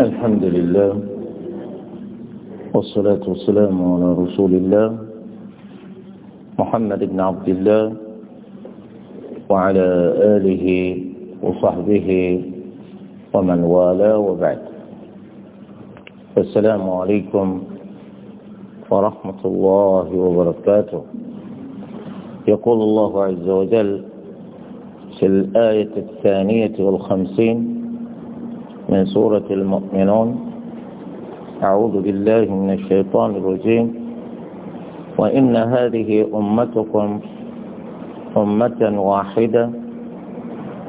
الحمد لله والصلاة والسلام على رسول الله محمد بن عبد الله وعلى آله وصحبه ومن والاه وبعد السلام عليكم ورحمة الله وبركاته يقول الله عز وجل في الآية الثانية والخمسين من سورة المؤمنون أعوذ بالله من الشيطان الرجيم وإن هذه أمتكم أمة واحدة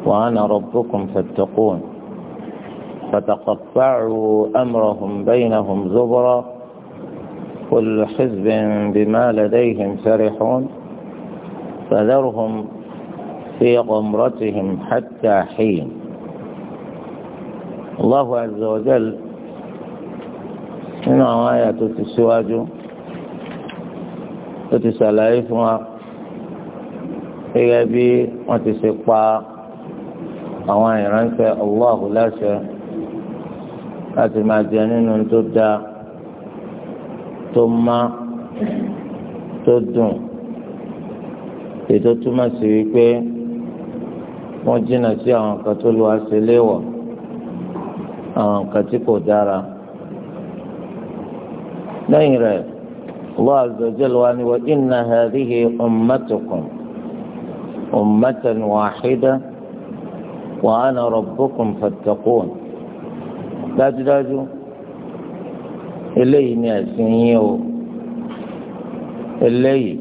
وأنا ربكم فاتقون فتقطعوا أمرهم بينهم زبرا كل حزب بما لديهم فرحون فذرهم في غمرتهم حتى حين Allahu azza wa jal nínú àwọn àyà tó ti síwájú tó ti ṣàlàyé fún wa gẹ́gẹ́ bí wọ́n ti ṣe pa àwọn ìránṣẹ́ Allahu láṣẹ láti máa jẹ nínú tó dáa tó má tó dùn ètò túmọ̀ sí wípé wọ́n jìnnà sí àwọn kan tó lu àṣẹ léwọ̀ọ́ àwọn nǹkan tí kò dára lẹ́yìn rẹ̀ Allah azza wa jalla wa ni wa inna hadhihi ummatukum ummatan wahida wa ana dájúdájú eléyìí ni ẹ̀sìn yín o eléyìí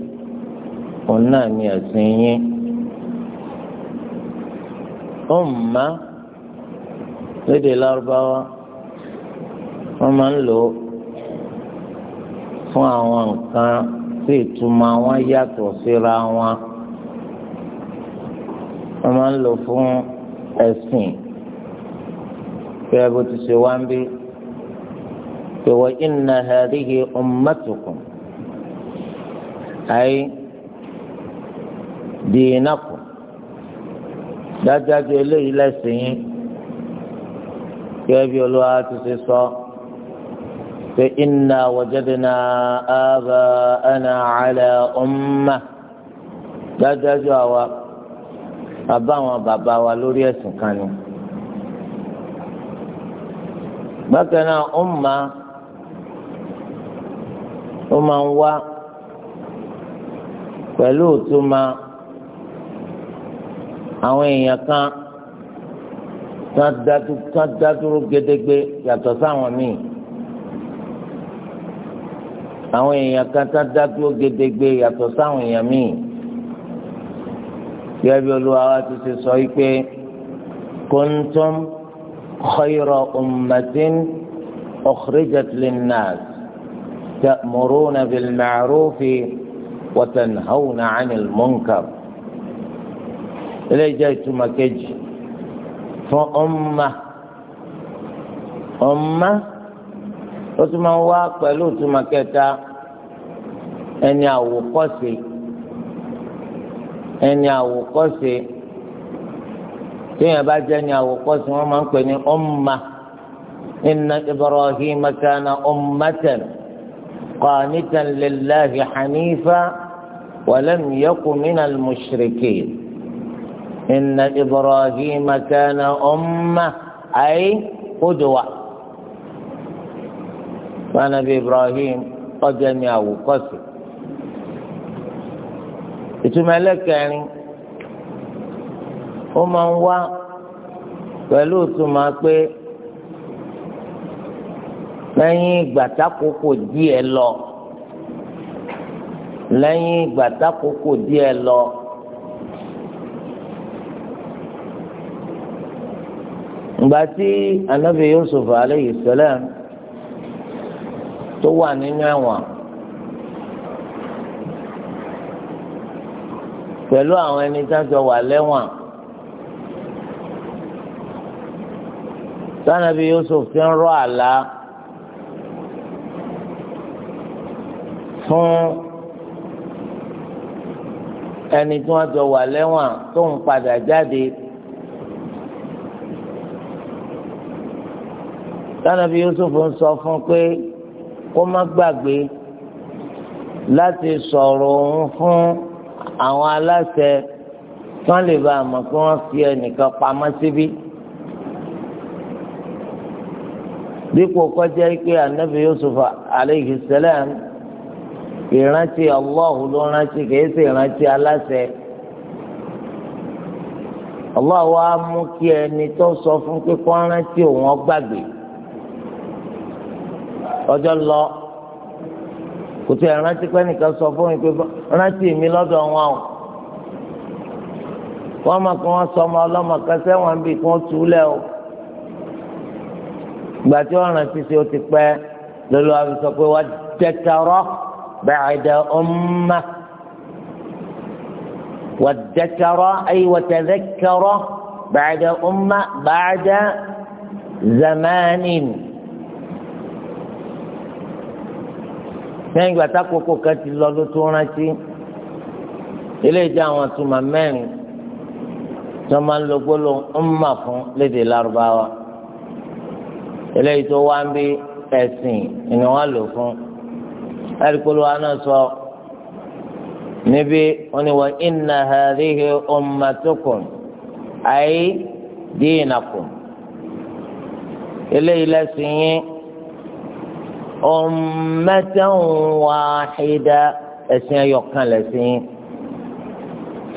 òun náà ni ẹ̀sìn yín umma lédè lárúbáwá wọ́n máa ń lò ó fún àwọn nǹkan tí ìtumọ̀ wọn yàtọ̀ síra wọn wọ́n máa ń lò fún ẹ̀sìn pé bó ti ṣe wá ń bí pé wa inna hadhihi ummatukum ay dinakum dájájú eléyìí lẹ́sìn yín gẹ́gẹ́ bí olúwa ti ṣe sọ pé inna wajadna aba'ana ala ummah dájúdájú àwa bàbá àwọn bàbá wa lórí ẹ̀sìn kan ni. bákan náà ummah ó máa ń wá pẹ̀lú òtún ma àwọn èèyàn kan. tán dádúró gédégbé yàtọ̀ sáwọn míì àwọn èèyàn kan tán dádúró gédégbé yàtọ̀ sáwọn èèyàn míì gẹ́gẹ́ olúwa wa ti ṣe sọ yìí pé kuntum khayra ummatin ukhrijat linnas ta'muruna bil ma'rufi wa tanhawna 'anil munkar. eléyìí jẹ́ ìtumọ̀ kejì. fún ọmọ ọmọ ó tún máa wá pẹ̀lú ìtumọ̀ kẹta ẹni àwòkọ́ṣe ẹni àwòkọ́ṣe téèyàn bá jẹ́ ẹni àwòkọ́ṣe wọ́n máa ń pè ní ọmọ inna ibrahima kana ummatan qanitan lillahi hanifa wa lam yakun minal إن إبراهيم كان أمة أي قدوة فنبي إبراهيم قد جميع وقصر ìtumọ̀ ẹlẹ́kẹ̀rin ó máa ń wá pẹ̀lú ìtumọ̀ pé lẹ́yìn ìgbà díẹ̀ lọ lẹ́yìn ìgbà díẹ̀ lọ. ìgbà tí anabi yusuf aleyhi salam tó wà nínú ẹ̀wọ̀n pẹ̀lú àwọn ẹni tá a jọ wà lẹ́wọ̀n sanabi yusuf ti ń rọ àlá fún ẹni tí wọ́n jọ wà lẹ́wọ̀n tó ń padà jáde. tánàbí Yusuf ń sọ fún pé kó má gbàgbé láti sọ̀rọ̀ òun fún àwọn aláṣẹ tí wọ́n lè bá a mọ̀ pé wọ́n fi ẹnìkan pamọ́ síbí. dípò kọjá pé anabi Yusuf aleyhi salam ìrántí Allah ló rántí kìí ṣe ìrántí aláṣẹ. Allah wa mú kí ẹni tó sọ fún pé rántí òun ó ọjọ́ lọ kò tí ẹ rántí pé nìkan sọ fún mi pé rántí mi lọ́dọ̀ wọn o wọ́n máa kí wọ́n sọ ọmọ ọlọ́mọ kan sẹ́wọ̀n bíi kí wọ́n túlẹ̀ o ìgbà tí wọ́n rántí sí o ti pẹ́ lọ́lọ́ àbí sọ pé wọ́n dẹ́tẹ̀rọ́ ba'da ummah wọ́n dẹ́tẹ̀rọ́ ayé wọ́n tadhakkara ba'da ummah ba'da zamanin. lẹ́yìn ìgbà tákòókò kan ti lọ ló tó rántí eléyìí jẹ́ àwọn àtúmọ̀ mẹ́rin tí wọ́n máa ń lo gbólóhùn ńmà fún lédè lárúbáwá eléyìí tó wá ń bí ẹ̀sìn ni wọ́n lò fún ẹ̀ríkóló wa náà sọ níbi oníwà inna hadhihi ummatukum ay dinakum eléyìí lẹ́sìn yín ummatan wahida ẹ̀sìn ẹyọ̀kan lẹ̀sìn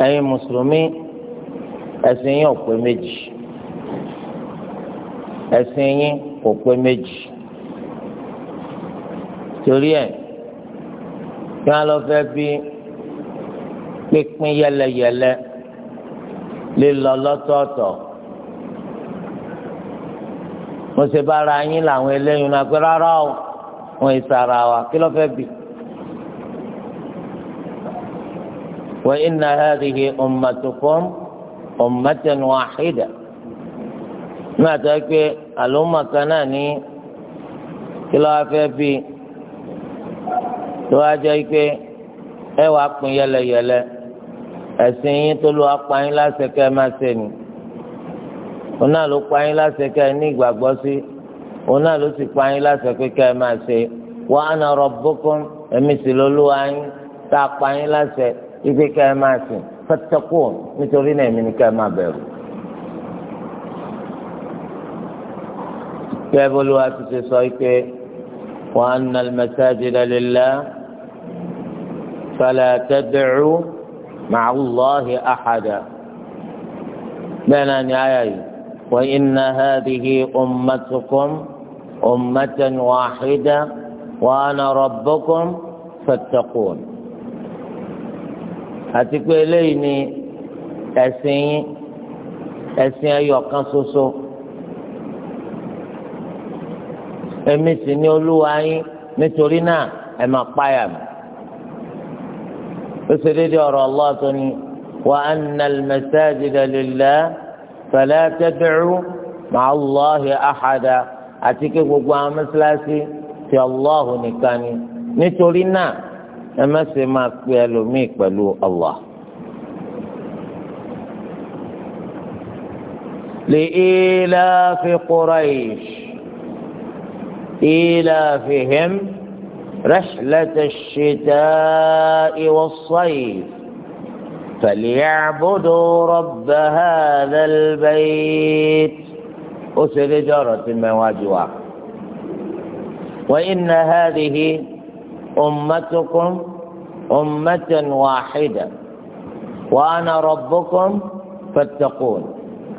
ẹ̀yin mùsùlùmí ẹ̀sìn yín ò pé méjì ẹ̀sìn yín kò pé méjì torí ẹ̀ kí wọ́n lọ fẹ́ bí pínpín yẹlẹyẹlẹ lílọ lọ́tọ̀ọ̀tọ̀ mo ṣe bára yín làwọn eléyìí náà pé rárá o wọn èso ara wa kí ló fẹ́ bì. wa inna hadhihi ummatukum ummatan wahida náà tó pé àlùmọ̀ kan náà ní kí ló fẹ́ bì tó wá jẹ́ pé ẹ wàá pín yẹlẹyẹlẹ ẹ̀sìn yín tó ló wá pa yín máa ṣe ni òun náà ló pa yín láṣẹ kẹ́ ní ìgbàgbọ́ sí òun náà ló sì pa yín láti pé ká ẹ máa ṣe wa ana rabbukum èmi sì lọ́lúwa yín tá a pa yín láti pé ká ẹ máa sìn fattaqun nítorí náà èmi ni ká ẹ máa bẹ̀rù. kẹ́bọ́lùwà ti ṣe sọ pé wa anna al-masajida fala tad'u ma'a Allahi bẹ́ẹ̀ náà ni àyà wa inna hadhihi ummatukum. أمة واحدة وأنا ربكم فاتقون àtikó eléyìí ni ẹ̀sìn yín ẹ̀sìn ẹyọ kan ṣoṣo èmi sì ni olúwa yín nítorí náà ẹ máa páyà mi ó ṣe déédéé ọ̀rọ̀ Allah tó ní wa anna al-masajida lillah fala tad'u ma'a Allahi ahada. àti kí gbogbo àwọn mẹsàlásì ti Allahu nìkan ni nítorí náà ẹ má ṣe máa pe ẹlòmíì pẹ̀lú Allah. لإيلاف قريش إيلافهم رحلة الشتاء yìí. فليعبدوا رب هذا البيت أسر جارة من واجوا وإن هذه أمتكم أمة واحدة وأنا ربكم فاتقون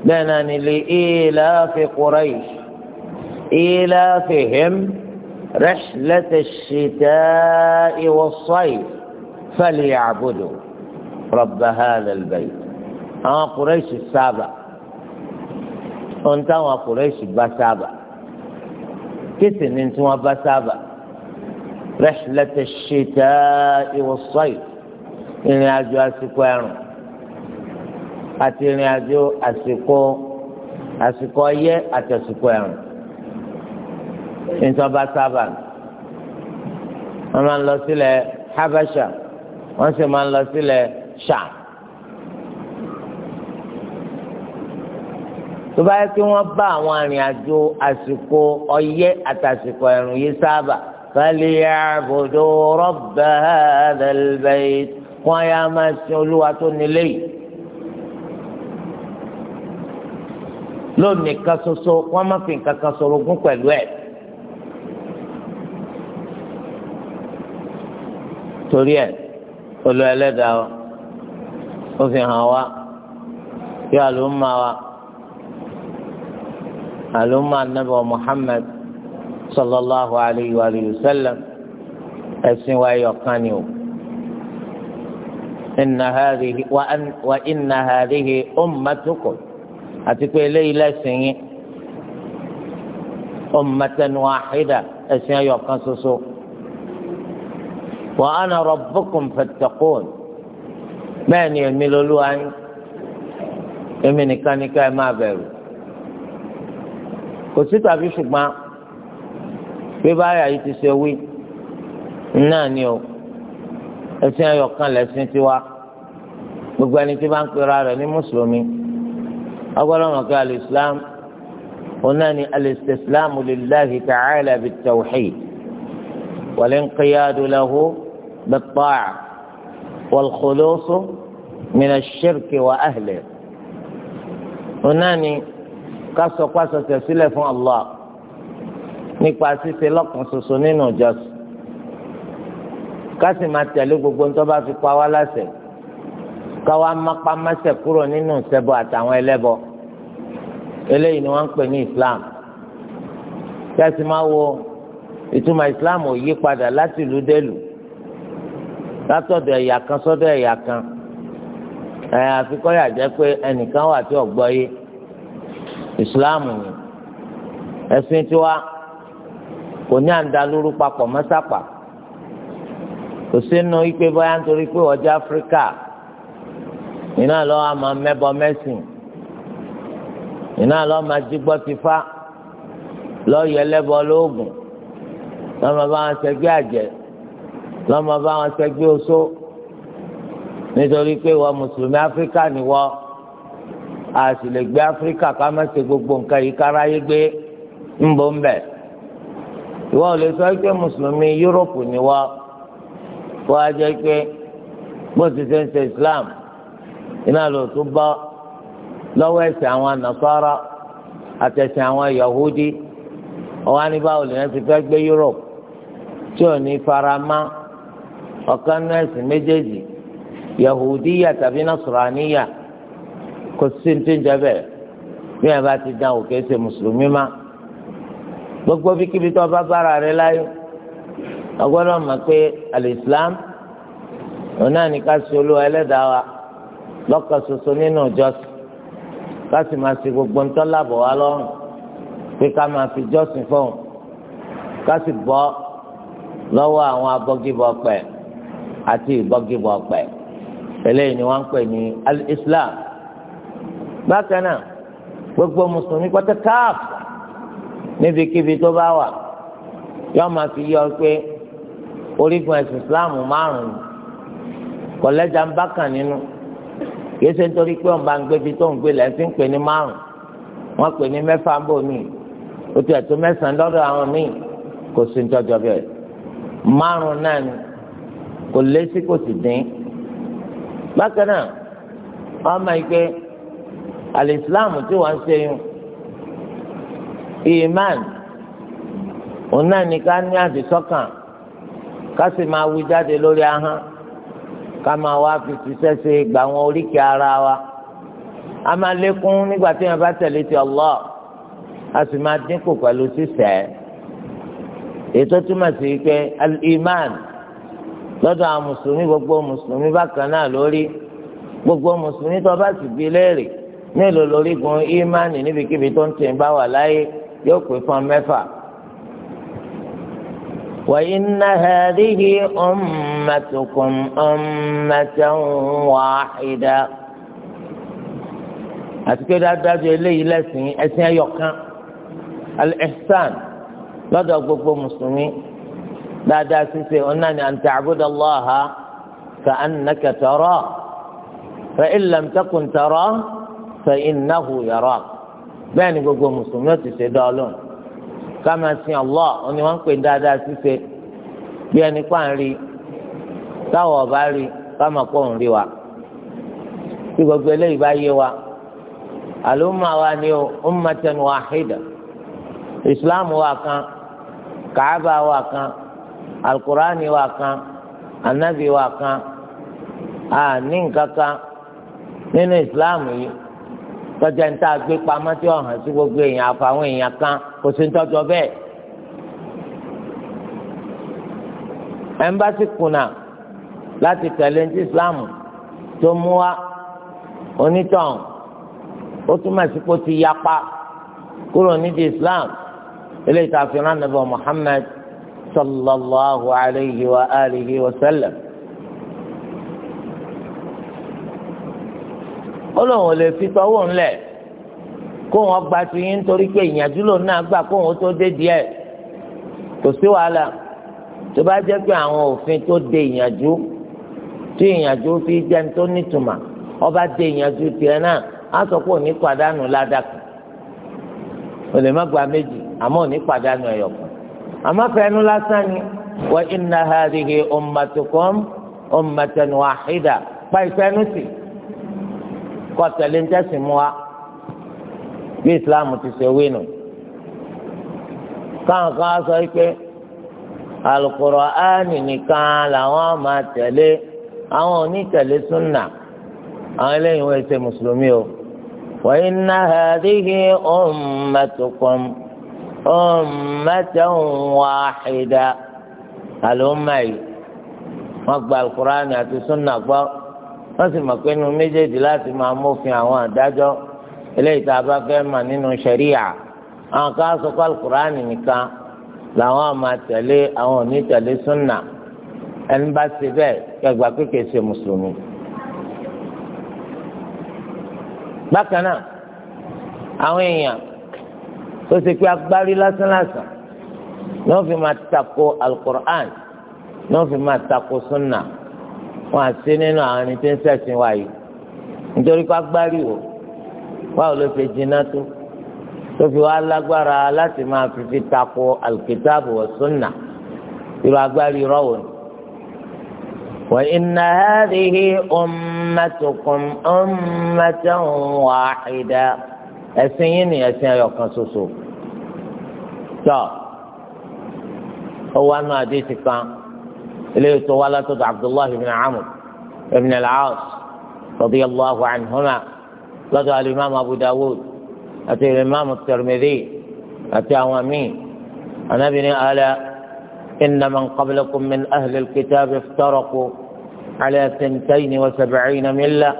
لنا لإيلاف قريش إيلافهم رحلة الشتاء والصيف فليعبدوا رب هذا البيت آه قريش السابق ohun táwọn akùrẹ́sì bá sábà kéṣì ni tí wọ́n bá sábà rẹ́ṣílẹ́tẹ̀ ṣètà ìwọ̀sọ́yì ìrìn àjò àsìkò ẹ̀rùn àti ìrìn àjò àsìkò àsìkò ọyẹ́ àti àsìkò ẹ̀rùn nítorí bá sábà wọ́n máa ń lọ sílẹ̀ Habasha wọ́n sì máa ń lọ sílẹ̀ Sham. tó bá yẹ kí wọ́n bá àwọn arìnrìnàjò àsìkò ọyẹ́ àtàsìkò ẹ̀rùn yìí sábà falyabudu rabba hadhal bayt wọ́n yá máa sin olúwa tó nílé yìí. lónìí kan ṣoṣo wọ́n má fi nǹkan kan ṣorogún pẹ̀lú ẹ̀. torí ẹ̀ olú ẹlẹ́dàá ó fi hàn wá kí àlùmọ́ wa. الأمة النبي محمد صلى الله عليه وآله وسلم السوى يقانيو إن هذه وأن وإن هذه أمتكم أتقول لي لا سيني أمة واحدة السوى يقانسوا وأنا ربكم فاتقون من يملوا لواني إمني كانك ما بيرو kò sí tàbí ṣùgbọ́n pé báyà yìí ti ṣe wí náà ni o ẹ̀sìn ayọ̀kan lẹ́sìn tiwa gbogbo ẹni tí bá ń pera rẹ̀ ní mùsùlùmí agbọ́dọ̀ mọ̀ pé alìsílám onáni alìsílámù lillahi ta'ala bit-tawhid wal-inqiyadu lahu bit-ta'a wal-khulusu min ash-shirki wa ahlihi onáni kásọ pásọ tẹ̀sílẹ̀ fún Allah nípa ṣíṣe lọ́kàn ṣoṣo nínú ìjọsìn kásì máa tẹ̀lé gbogbo ń tó bá fi pa wá láṣẹ káwa mápá mẹ́sẹ̀ kúrò nínú ìṣẹ́bọ àtàwọn ẹlẹ́bọ eléyìí ni wọ́n ń pè ní Islam kásì máa wo ìtumọ̀ Islam ò yí padà láti ìlú délùú látọ̀dọ̀ ẹ̀yà kan sọ́dọ̀ ẹ̀yà kan ẹ̀ àfikọ́ yà jẹ́ pé ẹnìkan wà tí ọ̀gbọ́ yìí. Islam ni ẹ̀sìn tiwa kò ní àǹdálórú papọ̀ mọ́sápà kò sínú ipe bóyá nítorí pé ọjà áfíríkà iná lọ́wọ́ àmọ́ mẹ́bọ mẹ́sìn iná lọ́wọ́ máa jígbọ́ ti fá lọ́ọ́ yẹ lẹ́bọ lóògùn lọ́mọ bá wọn ṣẹgbẹ́ àjẹ́ lọ́mọ bá wọn ṣẹgbẹ́ oṣó nítorí pé wọ́n mùsùlùmí áfíríkà ni wọ́n. a sì lè gbé áfíríkà ká má gbogbo nǹkan yìí káráyé gbé ń bọ̀ ń bẹ̀. ìwọ ò lè sọ pé mùsùlùmí ni a pé bó ti ṣe ń ṣe islam iná ló tún bọ́ lọ́wọ́ ẹ̀sìn àwọn nasara àtẹ̀sìn àwọn yahudi ọ̀wá ní báwo lè ti fẹ́ gbé yúróòpù tí ò ní ọ̀kan méjèèjì yahudiya tàbí nasraniya. kò sí ti ń jẹ bẹ́ẹ̀ bí wọn bá ti dán òkè ṣe mùsùlùmí má gbogbo bíkíbi tó bá bára rẹ láyé ọgbọ́dọ̀ mọ̀ pé alìsílám òun náà ní ká ṣe olúwa ẹlẹ́dàá wa lọ́kàn ṣoṣo nínú ìjọsìn ká sì máa ṣe gbogbo ńtọ́ lábọ̀ wá lọ́rùn pé ká máa fi jọ́sìn fóun ká sì bọ́ lọ́wọ́ àwọn abọ́gibọ̀ pẹ̀ àti ìbọ́gibọ̀ pẹ̀ eléyìí ni wọ́n ń pè ní alìsílám bákan náà gbogbo mùsùlùmí pátá káàf níbikíbi tó bá wà yóò máa fi yọ pé orígun ẹ̀sìn islam márùn-ún kọ̀lẹ́jà ń bá kàn nínú yìí ṣe nítorí pé ọ̀nba ń gbébi tó ń gbé lẹ́sìn pè ní márùn-ún wọ́n pè ní mẹ́fà ń bò míì ó ti ẹ̀tọ́ mẹ́sàn-án lọ́dọ̀ àwọn míì kò sí nítọ́jọ́ bẹ́ẹ̀ márùn náà ni kò lé sí kò sì dín bákan náà wọ́n máa ń gbé alìsílámù tí wọ́n ń ṣe yún iman òun náà ní ká ní àdìsọ́kàn ká sì máa wí jáde lórí ahọ́n ká máa wá fi ṣiṣẹ́ ṣe gbà wọn oríkèé ara wa a máa lékún nígbà tí wọn bá tẹ̀lé ti Allah a sì máa dínkù pẹ̀lú ṣiṣẹ́ ètò túmọ̀ sí pé al-iman lọ́dọ̀ àwọn mùsùlùmí gbogbo mùsùlùmí bákan náà lórí gbogbo mùsùlùmí tó bá sì bí léèrè mélòó lórígun ìmánì níbikíbi tó ń tẹ̀ ń bá wà láyé yóò pè fún mẹ́fà. وإن هذه أمتكم أمة واحدة àtikẹ́ dájú eléyìí lẹ́sìn ẹ̀sìn ẹ̀yọ̀kan al-ihsan lọ́dọ̀ gbogbo mùsùlùmí dáadáa ṣíṣe ọ̀nà ni an ta'buda Allaha ka'annaka tarahu fa in lam takun fa innahu yarak bẹ́ẹ̀ ni gbogbo mùsùlùmí ó ti ṣe dá ọlọ́run ká máa sin Allah ó ní wọ́n ń pè dáadáa ṣíṣe bí ẹni pa ń rí táwọn ọba rí ká máa kó rí wa tí gbogbo eléyìí bá yé wa àlùmọ́ wa ni ó ummatan wahida islam wa kan kaaba wa kan alukurani wa kan anabi wa kan a ní nǹkan nínú islam yìí. tọ́jà ń tá a gbé pamọ́ tí ọ̀hàn sí gbogbo èèyàn àfàwọn èèyàn kan kò sí ń tọ́jọ́ bẹ́ẹ̀. ẹ̀ńbásí kùnà láti tẹ̀lé ní Islam tó mú wa onítàn ó túmọ̀ sí kó ti yapa kúrò nídìí Islam eléyìí tá a fi Muhammad sallallahu alayhi wa alihi wa sallam. ó lóun lè fi tọwọ́ ńlẹ̀ kó wọn gba ti yín torí pé ìyànjú lòun náà gbà kó wọn tó dé díẹ̀ kò sí wàhálà tó bá jẹ́ pé àwọn òfin tó de ìyànjú tí ìyànjú fi jẹ́ ní tó nítumà ọba de ìyànjú tiẹ̀ náà á sọ pé òní pàdánù ládàkù òní má gba méjì àmọ́ òní pàdánù ẹ̀yọ̀kan àmọ́ fẹ́nu lásán ni wa inna hadhihi ummatukum ummatan wahida pa ìfẹ́nu sí i kọ́ tẹ̀lé ń tẹ̀sìn mú wa bí islam ti ṣe wí nù káwọn kan á sọ pé Al-Qur'ani nìkan làwọn máa tẹ̀lé àwọn onítẹ̀lé súnà àwọn eléyìí wọ́n ṣe mùsùlùmí o wa inna hadhihi ummatukum ummatan wahida àlùmọ́ wọ́n gba Al-Qur'ani àti súnà gbọ́ wọ́n sì mọ̀ pé inú méjèèjì láti máa mófin àwọn àdájọ́ eléyìí tá a bá fẹ́ mà nínú ṣẹ̀ríà àwọn kan sọ pé alukur'an nìkan làwọn máa tẹ̀lé àwọn ò ní tẹ̀lé súnà ẹni bá ṣe bẹ́ẹ̀ kẹgbà pé ṣe mùsùlùmí. bákan náà àwọn èèyàn tó ṣe pé agbárí lásánlásán ni wọ́n fi máa tako alukur'an ni wọ́n fi máa tako súnà. wọn àti nínú àwọn ẹni tí ń ṣẹ̀sìn wa o báwo ló ṣe jiná tó tó fi wá lágbára láti máa fi fi takò alkitabu sunna irú agbárí rọ́wọ̀ وإن هذه أمتكم أمة واحدة ẹ̀sìn yín ni ẹ̀sìn ẹyọ̀kan ṣoṣo. tọ́ ọ إليه طوالة عبد الله بن عمرو بن العاص رضي الله عنهما لدى الإمام أبو داود أتى الإمام الترمذي أتى أوامين أنا ابن ألا إن من قبلكم من أهل الكتاب افترقوا على سنتين وسبعين ملة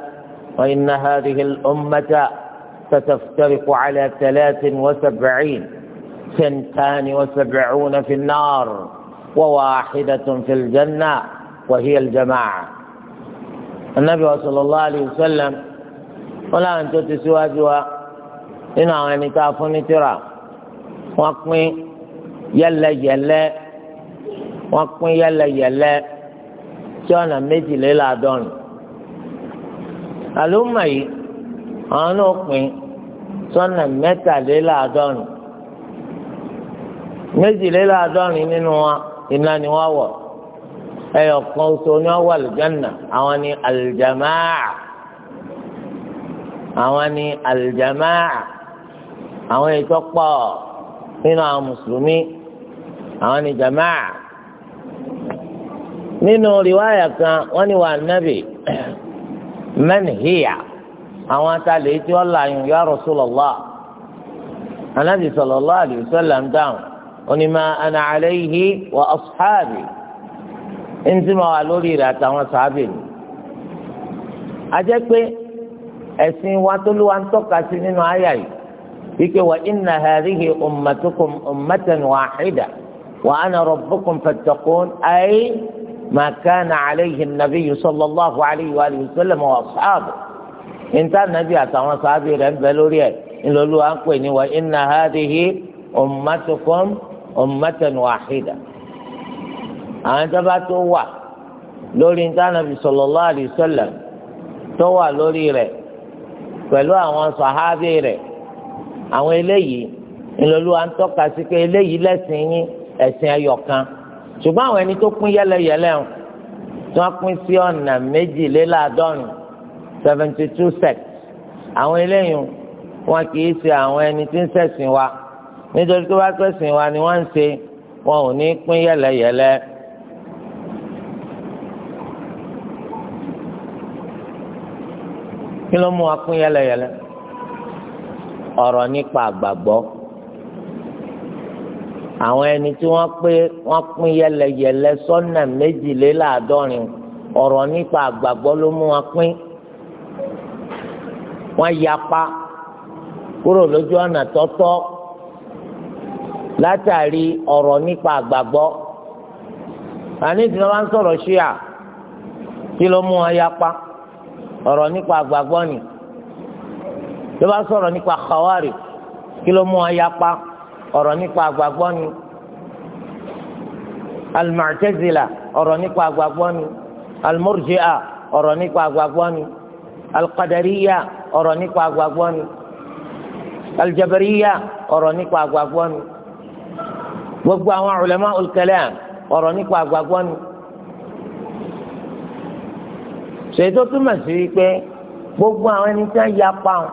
وإن هذه الأمة ستفترق على ثلاث وسبعين سنتان وسبعون في النار وواحدة في الجنة وهي الجماعة النبي صلى الله عليه وسلم ولا أن تتسوى جوا إن أغاني كافوني ترى وقمي يلا يلا وقمي يلا يلا جانا ميتي ليلا دون ألومي أنا أقمي sọ́nà mẹ́tàléláàádọ́rin méjìléláàádọ́rin nínú wa iná ni wọ́n wọ̀ ẹyọ kan oṣù ni wọ́n wọ àlùjánnà àwọn ni àlùjàmáà àwọn ni àlùjàmáà àwọn ètò pọ̀ nínú àwọn mùsùlùmí àwọn ni jàmáà nínú rìwáyà kan wọ́n ní wà nábì mẹ́nìhíyà àwọn atalè tí wọ́n là yùn ya Rasulullah anábì sallallahu alaihi wasallam dáhùn onímọ̀ ana alayhi wa ashabi ntí ma wà lórí rẹ̀ àtàwọn sàábì ni. ajẹ́ pé ẹ̀sìn wa tó ló wa ń tọ́ka sí nínú àyà yìí wípé wa inna hadhihi ummatukum ummatan wahida wa ana rabbukum fattaqun ay ma kana alayhi an-nabiyyu sallallahu alayhi wa sallam wa ashabu nta nabi àtàwọn sàábì rẹ̀ ń bẹ lórí ẹ̀ ńlọlọ́wà ń pè ní wa inna hadhihi ummatukum ummatan wahida àwọn tó bá tó wà lórí ntànàbì sallallahu alaihi wasallam tó wà lórí rẹ̀ pẹ̀lú àwọn sàhábì rẹ̀ àwọn eléyìí ńlọlọ́wọ́ à ń tọ́ka sí pé eléyìí lẹ́sìn yín ẹ̀sìn ẹyọ kan ṣùgbọ́n àwọn ẹni tó pín yẹlẹyẹlẹ ń tí wọ́n pín sí ọ̀nà méjìléláàádọ́rin seventy two sects àwọn eléyìí wọn kì í ṣe àwọn ẹni tí ń ṣẹ̀sìn wa nítorí tó bá pẹ̀sìn wa ni wọ́n ń ṣe wọn ò ní pín yẹlẹyẹlẹ. kí ló mú wa pín yẹlẹyẹlẹ ọ̀rọ̀ nípa àgbàgbọ́ àwọn ẹni tí wọ́n pé wọ́n pín yẹlẹyẹlẹ sọ́nà méjìléláàádọ́rin ọ̀rọ̀ nípa àgbàgbọ́ ló mú wọn pín wọ́n yapa kúrò lójú ọ̀nà tọ́tọ́ látàrí ọ̀rọ̀ nípa àgbàgbọ́ àní tí wọ́n bá ń sọ̀rọ̀ ṣíà kí ló mú wọn yapa ọ̀rọ̀ nípa àgbàgbọ́ ni tí wọ́n bá sọ̀rọ̀ nípa kàwárì kí ló mú wọn yapa ọ̀rọ̀ nípa àgbàgbọ́ ni al ọ̀rọ̀ nípa àgbàgbọ́ ni al ọ̀rọ̀ nípa àgbàgbọ́ ni al ọ̀rọ̀ nípa àgbàgbọ́ ni al ọ̀rọ̀ nípa àgbàgbọ́ ni gbogbo àwọn ulama al-kalam ọ̀rọ̀ nípa àgbàgbọ́ ni ṣètò túmọ̀ sí wípé gbogbo àwọn ẹni tí wọ́n ya pa wọn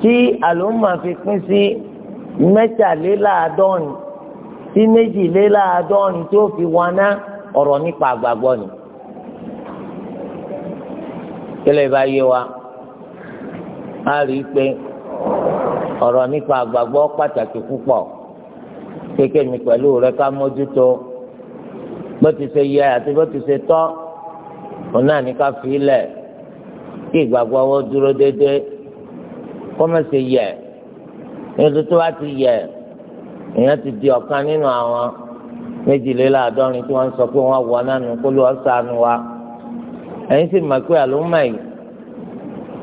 tí àlùmọ̀ fi pín sí mẹ́tàléláàádọ́rin sí méjìléláàádọ́rin tí ó fi wọn ọ̀rọ̀ nípa àgbàgbọ́ ni kílẹ̀ bá yé wa a rí i pé ọ̀rọ̀ nípa àgbàgbọ́ pàtàkì púpọ̀ kéèké mi pẹ̀lú rẹ ká mójútó bó ti ṣe yẹ àti bó ti ṣe tọ́ òun náà ní ká fi lẹ̀ kí ìgbàgbọ́ wọn dúró dédé kó má ṣe yẹ nítorí tó bá ti yẹ èèyàn ti di ọ̀kan nínú àwọn méjìléláàádọ́rin tí wọ́n sọ pé wọ́n wọ nánu kó ló ṣàánú wa ẹ̀yin sì mọ̀ pé àlùmọ̀ yìí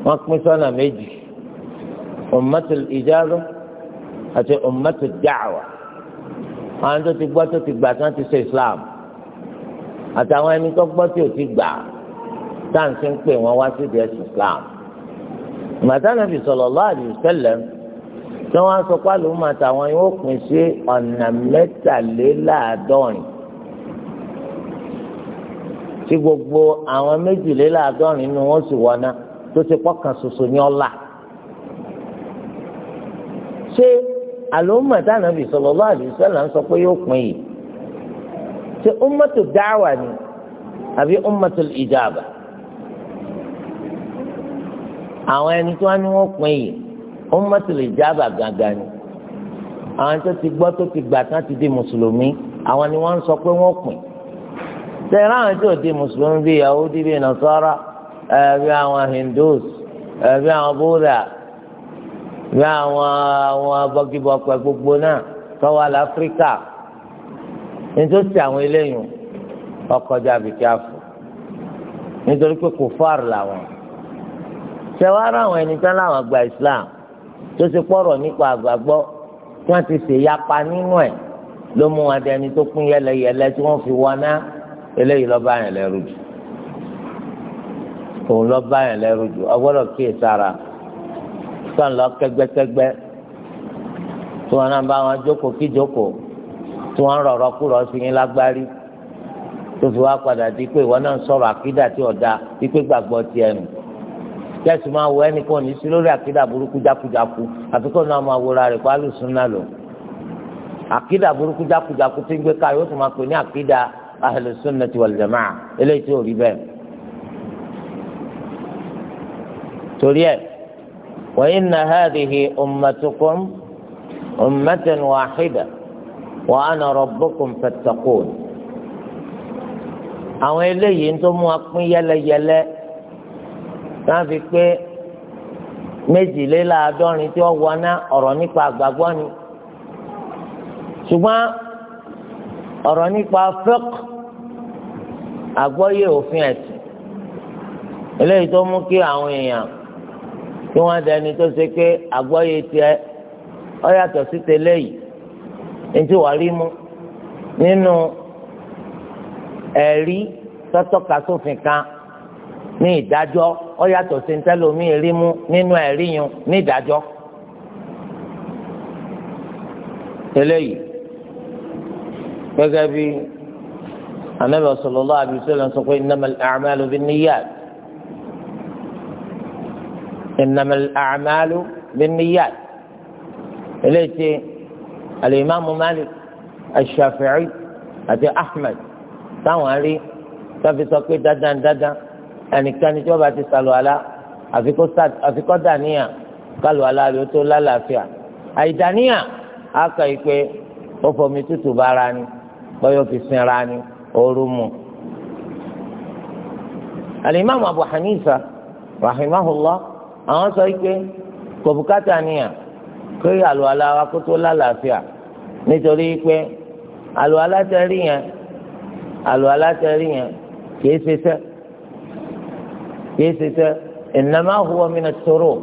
wọ́n pín sọ́nà méjì ummatul ijaba àti ummatud da'wa àwọn tó ti gbọ́ tó ti gbà tán ti ṣe islam àtàwọn ẹni tó gbọ́ tí ò ti gbà táǹsì ń pè wọ́n wá sí ìdíyẹsì islam màtánà fi sallallahu alaihi wasallam tí wọ́n sọ pé àlùmọ́ àtàwọn yóò pín sí ọ̀nà mẹ́tàléláàádọ́rin tí gbogbo àwọn méjìléláàádọ́rin ni wọ́n sì wọ́ná tó ti pọ́kàn ṣoṣo ní ọ̀la ṣé àlòmọ táwọn àbí sọlọ lọ àbí sọlọ ń sọ pé yóò pín yìí ṣe ummatu dáwà ni àbí ummatu ìjàbà àwọn ẹni tí wọn ní wọn pín yìí ummatu ìjàbà gangan ni àwọn tó ti gbọ́ tó ti gbà tán ti di mùsùlùmí àwọn ni wọ́n sọ pé wọ́n pín tẹ̀lé àwọn tí di mùsùlùmí bíi Yahudi bíi Nasara ẹ̀ bí àwọn Hindus ẹ̀ bí àwọn Buddha ní àwọn àwọn abọ́gibọ̀pẹ̀ gbogbo náà tó wà láfíríkà nítòsí àwọn eléyìí ọkọjá àbíkí àfọ nítorí pé kò far làwọn ṣẹwàárà àwọn ẹni tán láwọn gba Islam tó ṣe pọ̀rọ̀ nípa àgbàgbọ́ tí wọ́n ti ṣe yapa nínú ẹ̀ ló mú wọn dẹni tó kún yẹlẹyẹlẹ tí wọ́n fi wọná eléyìí lọ́ọ́ bá yẹn lẹ́rù jù òun lọ́ọ́ bá yẹn lẹ́rù jù ọgbọ́dọ̀ kíyè sára sọ̀n lọ kẹgbẹ́kẹgbẹ́ tí wọ́n náà bá wọn jókòó kí jókòó tí wọ́n rọ̀rọ̀ kúrọ̀ sí yín lágbárí tó fi wá padà di pé ìwọ náà sọ̀rọ̀ àkídà tí ọ̀dà wípé gbàgbọ́ tiẹ̀ nù kẹ́sì máa wọ ẹnìkan ní sí lórí àkídà burúkú jákujáku àfikún náà máa wọra rẹ̀ pálù súnà lò àkídà burúkú jákujáku tí ń gbé ká yóò tún máa pè ní àkídà ahlu sunnati wal jamaa eléyìí tí ò rí bẹ́ẹ̀ torí ẹ̀ وإن هذه أمتكم أمة واحدة وأنا ربكم فاتقون àwọn eléyìí ń tó mú wa pín yẹlẹyẹlẹ náà fi pé méjìléláàádọ́rin tí wọ́n wọná ọ̀rọ̀ nípa àgbàgbọ́ ni ṣùgbọ́n ọ̀rọ̀ nípa fẹ́k àgbọ́yé òfin ẹ̀sìn eléyìí tó mú kí àwọn èèyàn kí wọ́n dẹni tó ṣe pé àgbọ́yé tiẹ̀ ọ yàtọ̀ sí tẹ́lẹ̀ yìí ètò wà rí mú nínú ẹ̀rí tọ́tọ́ka sófin kan ní ìdájọ́ ọ yàtọ̀ sí ntẹ́lómi rí mú nínú ẹ̀rí yun ní ìdájọ́ tẹ́lẹ̀ yìí gẹ́gẹ́ bí anabi sallallahu alaihi sọ pé innamal a'malu bin innamal a'malu binniyat eléyìí ti alimami malik ashafi'i àti ahmed táwọn arí táfi sọ pé dandan dandan ẹnikẹ́ni tí wọ́n bá ti sàlùwàlá àfikọ́ dàníyà kálùwàlá rẹ̀ ó tó lálàáfíà àìdàníyà á kà í pé ó fọmi tútù bára ni bọ́yọ̀ fi sinra ni ooru mu. alimami abu hanifa rahimahullah àwọn sọ pé kò bùkátà níyà pé àlùwàlá wa kó tó lálàáfíà nítorí pé àlùwàlá tẹ rí yẹn àlùwàlá tẹ rí yẹn kìí ṣe sẹ́ kìí ṣe sẹ́ innama huwa min at-turuq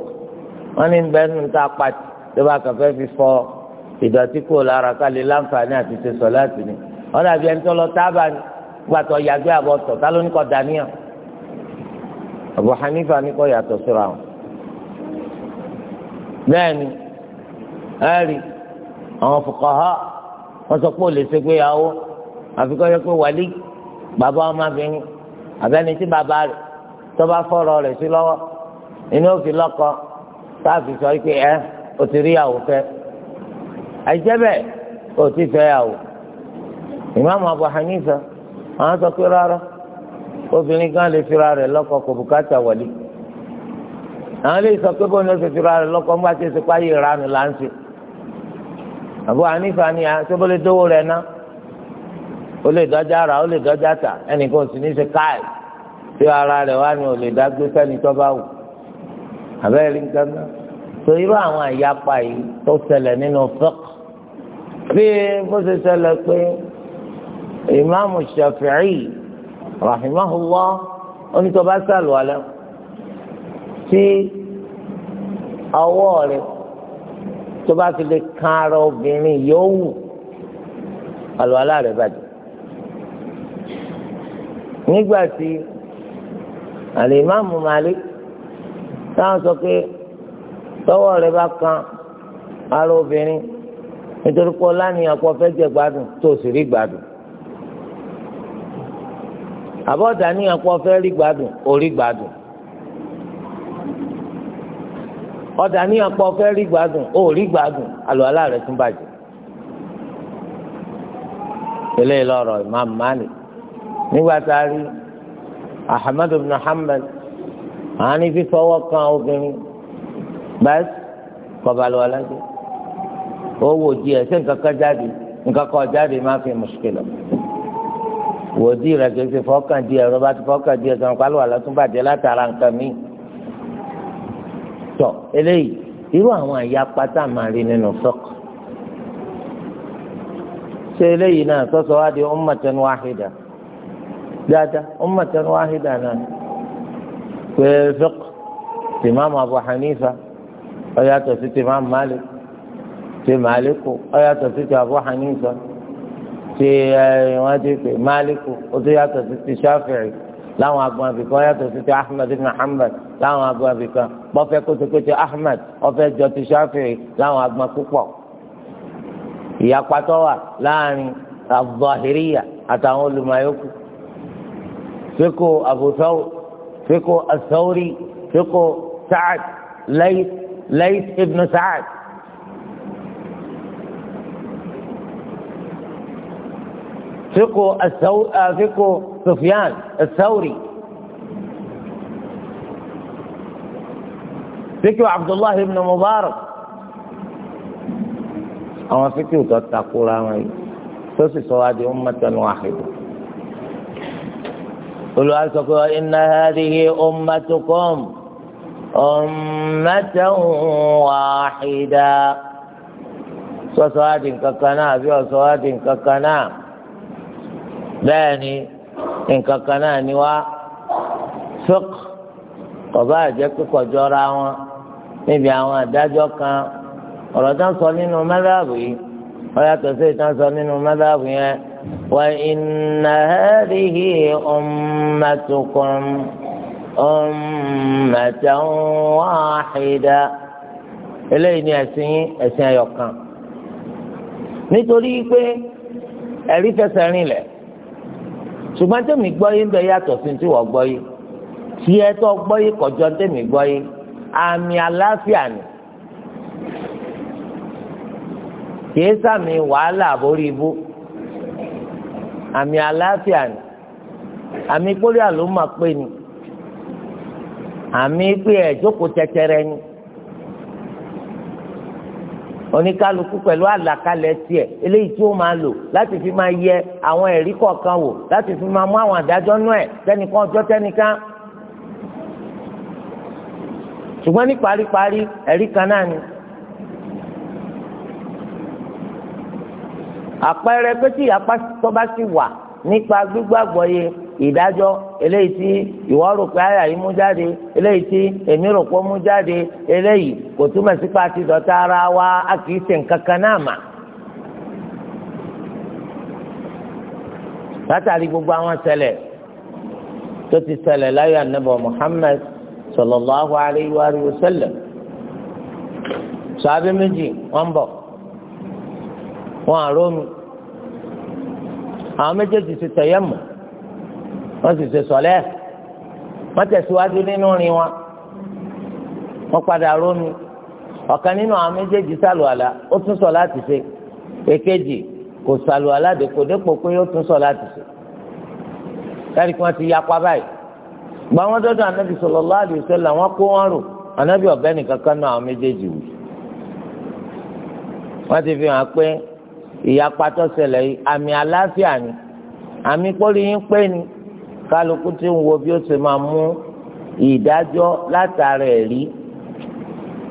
wọ́n ní bẹ́ẹ̀ nù tá pàtì tó bá kàfẹ́ fi fọ ìdọ̀tí kò lára ká láǹfààní àti ṣe sọ láti ni wọ́n dàbí ẹni tó lọ tábà ní gbàtọ̀ yàgbé àbọ̀tọ̀ tá ló ní kọ́ dàníyàn Abu Hanifa ní kọ́ yàtọ̀ síra wọn. bẹ́ẹ̀ ni àwọn fuqaha sọ pé lè ṣègbéyàwó àfi kọ́ pé wàlí bàbá ọmọbìnrin tí bàbá rẹ̀ tọ́ba fọ́rọ̀ fọ̀rọ̀ sílọ́wọ́, sí lọ́wọ́ inú òfin lọ́kọ táàfin sọ pé ẹ o ti rí ìyàwó o ti ìmáàmù Abu Hanifa sọ pé rárá obìnrin gan lè fira kò bùkátà wàlí. àwọn lè sọ pé bóun ló ṣe tura rẹ lọ́kọ́ ńgbà tí èsì páyé ìranù là ń ṣe àbúrò ànífà ni à ṣé bó lè dówó rẹ ná ó lè dọ́jà rà ó lè dọ́jà tà ẹnìkan sì ní ṣe káì tí ara rẹ̀ wá ní ò lè dágbé sẹ́ni tó bá wù àbẹ́rẹ́ rí nǹkan náà tó irú àwọn àyapa yìí tó ṣẹlẹ̀ nínú fiqh bí bó ṣe ṣẹlẹ̀ pé ìmáàmù Shafi'i rahimahullah onítọ̀ bá sàlùwalẹ́ tí ọwọ́ rẹ tó bá fi lè kan ara obìnrin yóò wù àlùwàlá rẹ bàjẹ́ nígbà tí àlìmáàmù Malik táwọn sọ pé tọwọ́ rẹ bá kan ara obìnrin nítorí pé ọlá ni àpò fẹ́ jẹ gbádùn tó sì rí gbádùn àbọ̀dá ni àpò fẹ́ rí gbádùn ó rí gbádùn. ọ̀dà ní apọ̀ fẹ́ rí gbádùn ó rí gbádùn àlùwàlá rẹ̀ tún bàjẹ́. eléyìí lọ́rọ̀ Imam Malik nígbà tá a rí Ahmad ibn Hanbal àwọn ní fífọwọ́ kan obìnrin bẹ́ẹ̀ kọba àlùwàlá jẹ́ ó wò di ẹ̀ sí nǹkan kan jáde nǹkan kan jáde má fi mùsùlùmí wò di rẹ̀ kì í di ẹ̀rọ bá ti fọ́ọ̀kan di ẹ̀sán pálọ̀ àlọ́ tún bàjẹ́ látara nǹkan míì. tọ eléyìí irú àwọn àyà pátá máa rí nínú ṣe eléyìí náà sọsọ wá di wahida dáadáa ummatan wahida náà pé fọk tìmáàmù Abu Hanifa ó yàtọ̀ sí ti Maliku ó yàtọ̀ sí ti Abu Hanifa ti ẹ eh, wọn ti pè ó ti yàtọ̀ sí ti láwọn agbọn abìkan yàtọ̀ sí ti ahmed ibn ahmed láwọn agbọn abìkan bọ́fẹ́ kótókótó ahmed ọfẹ́ jọ ti ṣáfìrì láwọn agbọn púpọ̀ ìyapatọ́ wà láàrin abdulhiriya àtàwọn olùmọ̀ọ́yọ́kù fíkò abusaw fíkò asawri fíkò saad layth layth ibn saad. فقه الثور آه، فقه سفيان الثوري فقه عبد الله بن مبارك أو فقه تتقول أمي سوسي سوادي أمة واحدة قلوا أسكوا إن هذه أمتكم أمة واحدة سواد سوادي ككنا بيو سوادي ككنا bẹ́ẹ̀ ni nǹkan kan náà ni wá fiqh kọ̀bá àjẹ́ kíkọ̀ jọra wọn níbi àwọn àdájọ́ kan ọ̀rọ̀ tán sọ nínú mẹ́láàbù yìí wọ́n yàtọ̀ sí ìtàn sọ nínú mẹ́láàbù yẹn wa inna hadhihi ummatukum ummatan eléyìí ni ẹ̀sìn ẹ̀sìn ẹyọ̀kan nítorí pé ẹ̀rí fẹsẹ̀ rinlẹ̀ ṣùgbọ́n tẹ̀mí gbọ́ yé ń bẹ yàtọ̀ sí tí wọ́n gbọ́ yé tí ẹ tó gbọ́ yé kọjọ tẹ̀mí gbọ́ yé àmì àlàáfíà ni kìí sàmì wàhálà àbórí ibú àmì àlàáfíà ni àmì kórìà ló máa pé ni àmì pé ẹ̀ jókòó tẹ́tẹ́rẹ́ ni oníkálukú pẹ̀lú àlàkalẹ̀ tiẹ̀ eléyìí tí ó máa lò láti fi máa yẹ àwọn ẹ̀rí kọ̀ọ̀kan wò láti fi máa mú àwọn àdájọ́ nú ẹ̀ tẹnìkan ọjọ́ tẹnìkan. ṣùgbọ́n ní paríparí ẹ̀rí kan náà ni. àpẹẹrẹ pé tí ìyapa tó bá sì wà nípa gbígbàgbọ́ yẹ ìdájọ́ eléyìí tí ìwọ rò pé àyà yìí mú jáde eléyìí tí èmi rò pé ó mú jáde eléyìí kò túmọ̀ sí pa ti dọ̀tá ara wa a kì í ṣe nǹkan kan náà mà. látàrí gbogbo àwọn ṣẹlẹ̀ tó ti ṣẹlẹ̀ láyé ànábọ̀ Muhammad sallallahu alayhi wa sallam sàbí méjì wọ́n bọ̀ wọ́n àrómi àwọn méjèèjì ti tẹ̀yẹ̀ mọ́ wọ́n sì ṣe sọ̀lẹ́ wọ́n tẹ̀síwájú nínú rin wọn wọ́n padà rómi ọ̀kan nínú àwọn méjèèjì sàlùwàlà ó tún sọ láti ṣe èkejì kò sàlùwàlà dèkò dépò pé ó tún sọ láti ṣe kárí kí wọ́n ti yapa báyìí gba wọn dọdọ anabi sallallahu alaihi wasallam wọn kó wọn rò anabi ọbẹ nìkan kan náà àwọn méjèèjì wù wọn ti fi hàn pé ìyapa tó yìí àmì àlàáfíà ni àmì pọ́lì yín pé ni kálukú tí ń wo bí ó ṣe máa mú ìdájọ́ látara ẹ̀rí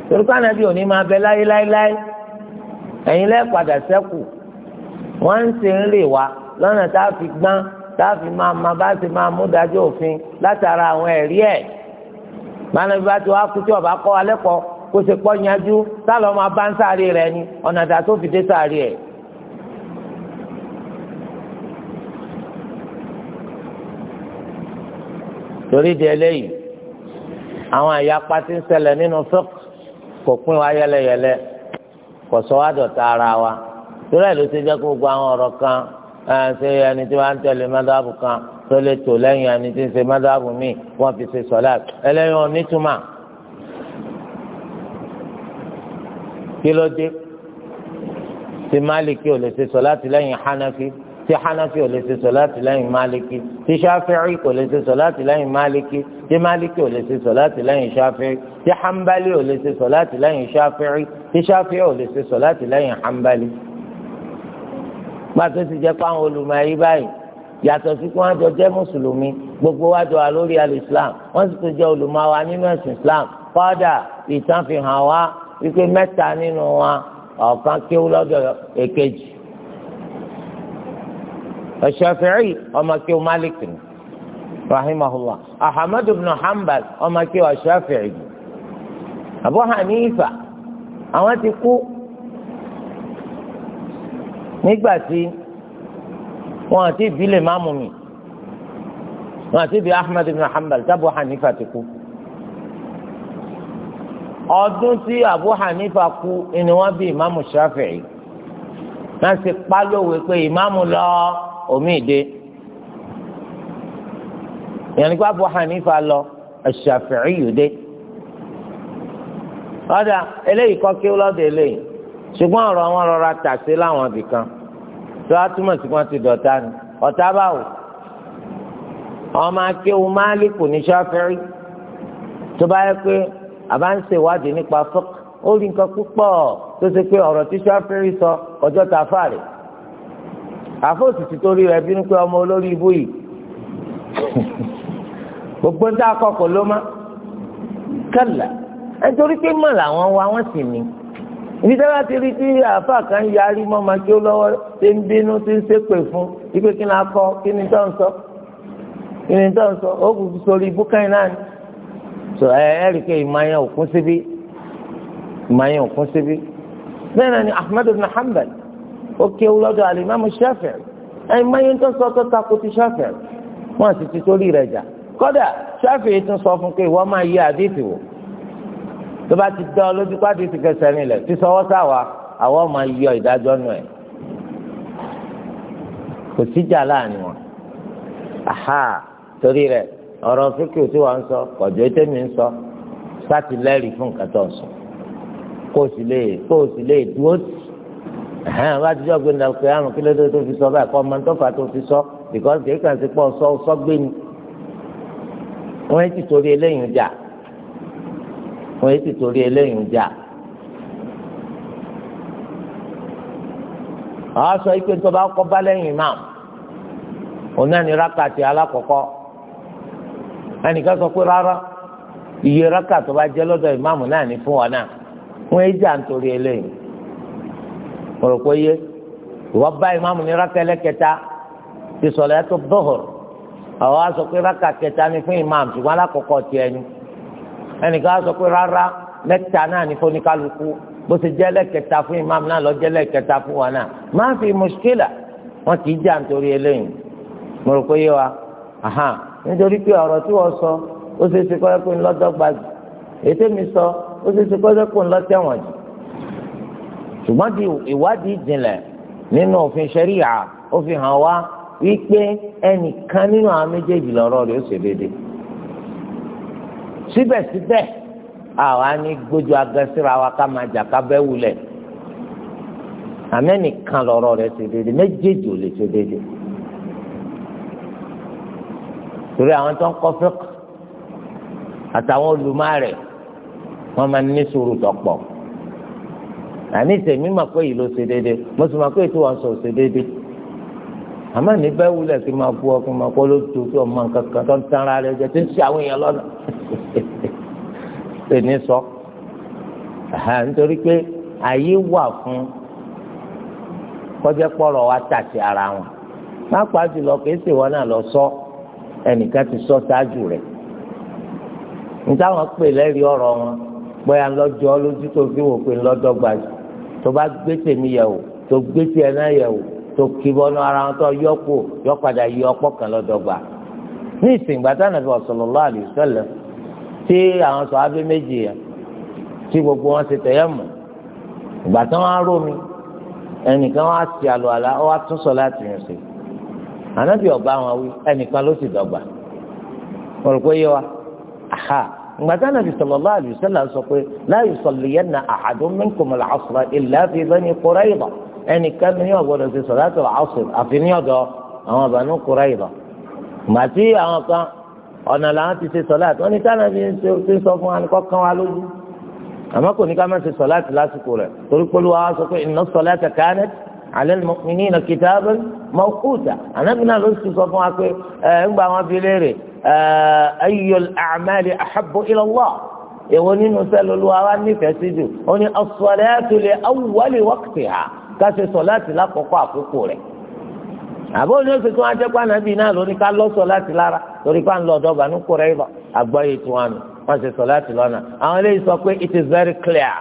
torúkọ ànábì òní máa bẹ láyé láéláé ẹ̀yin lẹ́ẹ̀padà sẹ́kù wọ́n ń ṣe ń rè wá lọ́nà tá a fi gbọ́n tá a fi máa ma bá ṣe máa mú dájọ́ òfin látara àwọn ẹ̀rí ẹ̀ mọ́nàbí bá ti wá kú tí ọba kọ́ alẹ́ kó ṣe pọ́ yanjú sálọ́ máa bá ń sáré rẹ̀ ni ọ̀nà ìdá tó fi dé sáré ẹ̀. torí di eléyìí àwọn àyapa ti ń ṣẹlẹ̀ nínú fúk kò pín wa yẹlẹyẹlẹ kò sọ wá dọ̀tá ara wa torí ẹ̀ ló ti jẹ́ kó gbogbo àwọn ọ̀rọ̀ kan ṣe ẹni tí wọ́n á ń tẹ̀lé mọ́tàbù kan tó lè tò lẹ́yìn ẹni tí ń ṣe mọ́tàbù míì wọ́n fi ṣe sọ́lá ẹlẹ́yìn onítùmá kí ló dé tí máàlì ò lè ṣe sọ́lá tì lẹ́yìn hánáfi tí hanafi ò lè ṣe sọláàtì lẹ́yìn máàlìkì tí ṣáfẹ́rì kò lè ṣe sọláàtì lẹ́yìn máàlìkì tí máàlìkì ò lè ṣe sọláàtì lẹ́yìn ṣáfẹ́rì tí hanbali ò lè ṣe sọláàtì lẹ́yìn ṣáfẹ́rì tí ṣáfẹ́rì ò lè ṣe sọláàtì lẹ́yìn hanbali. pàtó ti jẹ́ pàwọn olùmọ̀ báyìí yàtọ̀ sí kí wọ́n jọ jẹ́ mùsùlùmí gbogbo wa jọ wà lórí alìsílám wọ́n sì tún jẹ́ olùmọ̀ nínú ẹ̀sìn islam kọ́dà ìtàn fi الشافعي ọmọ kí o Malik الله أحمد بن ibn Hanbal ọmọ الشافعي o Shafi'i Abu Hanifa àwọn ti kú nígbà tí wọn àti ìbílẹ̀ máàmù mi wọn àti ìbí Ahmad ibn Hanbal tí Abu Hanifa ti kú ọdún tí Abu Hanifa kú ni wọn bí ìmáàmù Shafi'i náà ti pálówe pé ìmáàmù lọ omi ìdè ìyẹn nípa Abu Hanifa lọ Ash-Shafi'i yòdè ọ̀dà eléyìí kọ́ kí ó lọ́dọ̀ eléyìí ṣùgbọ́n ọ̀rọ̀ wọn rọra tàṣé láwọn ibìkan tó a túmọ̀ sí wọn ti dọ̀tá ni ọ̀tá báwò ọmọ akéwu máàlìkù ní Shafi'i tó bá yẹ pé àbá ń ṣèwádìí nípa fọ́k ó rí nǹkan púpọ̀ tó ṣe pé ọ̀rọ̀ tí Shafi'i sọ ọjọ́ ta fáàrẹ̀ àfọ̀sì ti torí rẹ̀ bínú pé ọmọ olórí ibú yìí gbogbo ń dá akọkọ ló má kálá nítorí pé mọ̀ làwọn wa wọ́n sì ní ibi tí wọ́n ti rí tí àáfà kan yarí mọ́ máa kí ó lọ́wọ́ ṣe ń bínú tí ń ṣépè fún ipe kí ni a kọ kí ni tó ń sọ kí ni tó ń sọ ó kù sórí ibú kẹ́yìn náà ni sọ ẹ ẹ rí i pé ìmọ̀-ayẹ òkun síbí ìmọ̀ òkun síbí bẹ́ẹ̀ náà ni Ahmad ibn Hanbal ó kéwú lọ́dọ̀ alimami Shafi'i ẹ̀yin mẹ́yìn tó sọ tó takò ti Shafi'i wọ́n sì ti torí rẹ̀ jà kódà Shafi'i tún sọ fún pé wọ́n máa yí àdéhìí wò tó bá ti dán lójú pàdé ti kẹsẹ̀ nílẹ̀ ti sọwọ́ sáwa àwọn máa yọ ìdájọ́ nù ẹ̀ kò síjà láàrin wọn aha torí rẹ̀ ọ̀rọ̀ fíkì tí wọ́n ń sọ kọ̀jọ́ tẹ́mi ń sọ sátìlẹ́rì fún nǹkan tó ń sọ kó o sì lè kó o sì lè dúró sí ẹ̀hán wá ti jọ́ gbé ní ọkọ̀ yà kí ló dé tó fi sọ báyìí kọ ọmọ tó tó fi sọ because kì í kàn sí sọ sọ gbé ni ti torí eléyìí jà wọ́n ti torí eléyìí jà. àwọn sọ ikpe tó bá imam òun náà ní rákàtì alákọ̀ọ́kọ́ ẹnìkan sọ pé rárá iye rákàtì tó bá jẹ́ lọ́dọ̀ imam náà ní jà nítorí eléyìí. mo rò pé yé bá ní ti sọlọ tó bọ́hùr àwọn á pé rákà kẹta ni fún ìmáàmù ṣùgbọ́n alákọ̀ọ́kọ́ tiẹ̀ ni ẹnìkan pé rárá náà ní fóníkálukú bó ti fún náà lọ jẹ́ lẹ́kẹta fún wa náà máa fi mùṣkílà wọn kì í jà nítorí eléyìí nítorí pé tí sọ ó ṣùgbọ́n di ìwádìí ìjìnlẹ̀ nínú òfin ṣẹ́ríyà ó fi hàn wá wípé ẹnìkan nínú àwọn méjèèjì lọ́rọ̀ rẹ̀ ó ṣe déédé síbẹ̀síbẹ̀ àwa ní gbójú agẹ́síra wa ká máa jà ká bẹ́ wulẹ̀ àmẹ́nìkan lọ́rọ̀ rẹ̀ ṣe déédé méjèèjì ò lè ṣe déédé torí àwọn tó ń kọ́ fẹ́k àtàwọn olùmọ̀ rẹ̀ wọ́n máa ní sùúrù tó pọ̀ àní tèmi mà pé yìí ló ṣe déédéé mo sì mà pé tí wọn sọ ṣe déédéé àmọ́ níbẹ̀ wúlẹ̀ kí máa bu ọkùnrin máa kọ́ ló tó tó ọmọ nǹkan kan tó ń tan ara rẹ̀ jẹ tó ń ṣe àwọn èèyàn lọ́nà ṣe ní sọ nítorí pé àyè wà fún kọjá pọ̀rọ̀ wa tàṣì ara wọn pápá jùlọ kìí ṣe wọn náà lọ sọ ẹnìkan ti sọ ṣáájú rẹ̀ nítawọn pè lẹ́rìí ọ̀rọ̀ wọn bóyá ńlọ́jọ́ lójú fi wò pé ńlọ́dọ́gba jù tó bá gbé tèmi yẹ̀ wò tó gbé tiẹ̀ náà yẹ̀ wò tó kibọnú ara wọn tó yọkù yọpadà yọ ọ̀pọ̀ kan lọdọgba ní ìsìngbà tí Ànábì sallallahu alaihi wasallam tí àwọn sàhábé méjì yẹn tí gbogbo wọn ti tẹyẹ mọ ìgbà tí wọn á rómi ẹnìkan wọn á ti àlọ àlá wọn á tún sọ láti rìn sí Ànábì ọba wọn wí ẹnìkan ló sì dọ́gba wọn rò pé yé wa aha gbàtà nàbì sallallahu alaihi wasallam sọ pé la yusalliyanna ahadun minkumul asra illa fi bani Qurayza ẹnìkan ní ọ̀gbọ́dọ̀ ti salatul asr àfi ní ọ̀dọ̀ àwọn Banu Qurayza gbàtí àwọn kan ọ̀nà làwọn ti ṣe sọ̀lá àti wọn ní tánàbí ti sọ fún wa ní kọ́kàn wa lójú àmọ́ kò ní ká má ṣe sọ̀lá àti lásìkò rẹ̀ torí pé Olúwa sọ pé inna salata kanat ala al-mu'minina kitaban mawquta ànábì ayyul a'mali ahabbu ila Allah èwo nínú sẹ́lẹ̀ olúwa wa nífẹ̀ẹ́ sí jù ó ní as-salatu li awwali waqtiha káṣe sọ láti lákòókò àkókò rẹ̀ àbó ní oṣù tí wọ́n á jẹ́ pé ànábì Banu it is very clear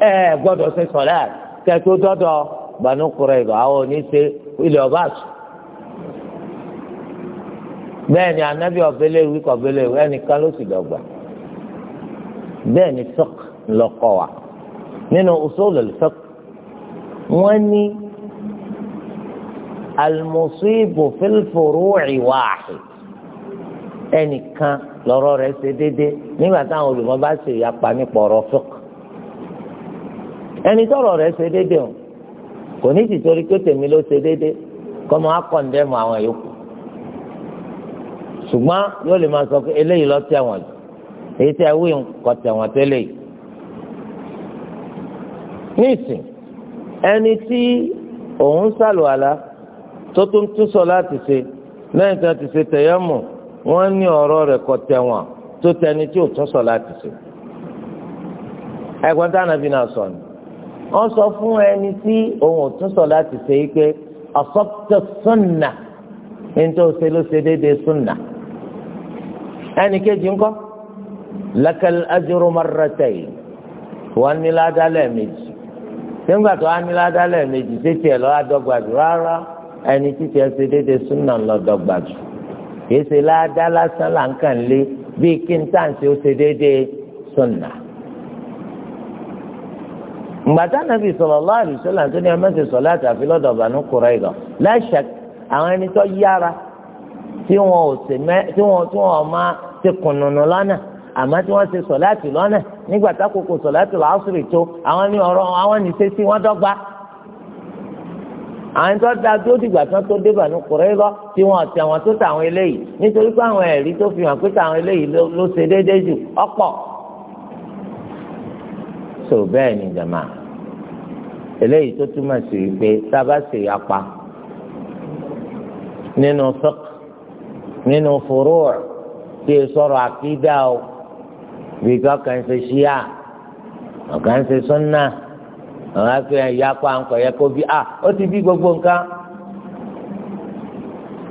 Eh gbọ́dọ̀ ṣe Banu àwọn bẹ́ẹ̀ ni anabi ọ̀bẹ́lẹ̀ wí kọ̀bẹ́lẹ̀ wí ẹnìkan ló sì dọ̀gba bẹ́ẹ̀ ni fiqh lọ́kọ̀ wa nínú usul al-fiqh wọ́n ní al-musibu fil furu'i wahid ẹnìkan lọ́rọ̀ rẹ̀ ṣe déédéé nígbà táwọn olùmọ̀ bá ṣe ìyapa nípa ọ̀rọ̀ fiqh ẹni tọ́rọ̀ rẹ̀ ṣe déédéé o kò ní ti torí pé tèmi ló ṣe déédéé kọ́ mọ́ á kọ́ àwọn yòókù ṣùgbọ́n yóò lè máa sọ pé eléyìí lọ tẹ̀wọ̀n jù èyí tẹ̀ wí kọ tẹ̀wọ̀n tẹ́lẹ̀ yìí. níìsín ẹni tí òun sàlùwàlá tó tún tún sọ láti ṣe lẹ́yìn tí wọ́n ti ṣe tẹ̀yẹ́mù wọ́n ní ọ̀rọ̀ rẹ̀ kọ tẹ̀wọ̀n tó tẹni tí ò tún sọ láti ṣe. ẹ̀gbọ́n tí ànábì náà sọ ni wọ́n sọ fún ẹni tí òun ò tún sọ láti ṣe yìí pé asọ́pítọ̀ sunnah ní tó ṣe ló ṣe déédéé sunnah ẹnì kejì ńkọ́ lakal ajru marratayn wọn ní ládàá lẹ́ẹ̀mejì nígbà tó wá ní ládàá lẹ́ẹ̀mejì títí ẹ lọ́wọ́ àdọ́gbàjù rárá ẹni títí ẹ ṣe déédéé súnà lọ́dọ̀gbàjù kìí ṣe ládàá lásán là ń kàn lé bíi kí n tàǹtí ó ṣe déédéé súnà gbàtà nàbì sallallahu alaihi wasallam tó ẹ má sọlá àtàfi lọ́dọ̀ Banu Qurayza la shak àwọn ẹni tó yára tí wọn ò sì mẹ tí wọn tí wọn máa ṣe kùnùnù lọ́nà àmọ́ tí wọ́n ṣe sọ̀láàtì lọ́nà nígbà tákòókò sọ̀láàtì làásùrì tó àwọn ní ọ̀rọ̀ àwọn ní ṣe sí wọ́n àwọn tó da tó dìgbà tán tó débà ní kùrẹ́ lọ tí wọ́n ọ̀tí àwọn tó tà àwọn eléyìí nítorí pé àwọn ẹ̀rí tó fi hàn pé tàwọn eléyìí ló ṣe déédéé jù ọ̀pọ̀. sọ bẹ́ẹ̀ ni jàmá eléyìí tó túmọ̀ sí wípé tá a bá nínú fẹ́k nínú fúrúù tí sọ̀rọ̀ àkídà o bí ká kàn ṣe ṣíà ọ̀kàn ṣe súnà àwọn akéwà ìyá pa nǹkan yẹ kó bí a ó ti bí gbogbo nǹkan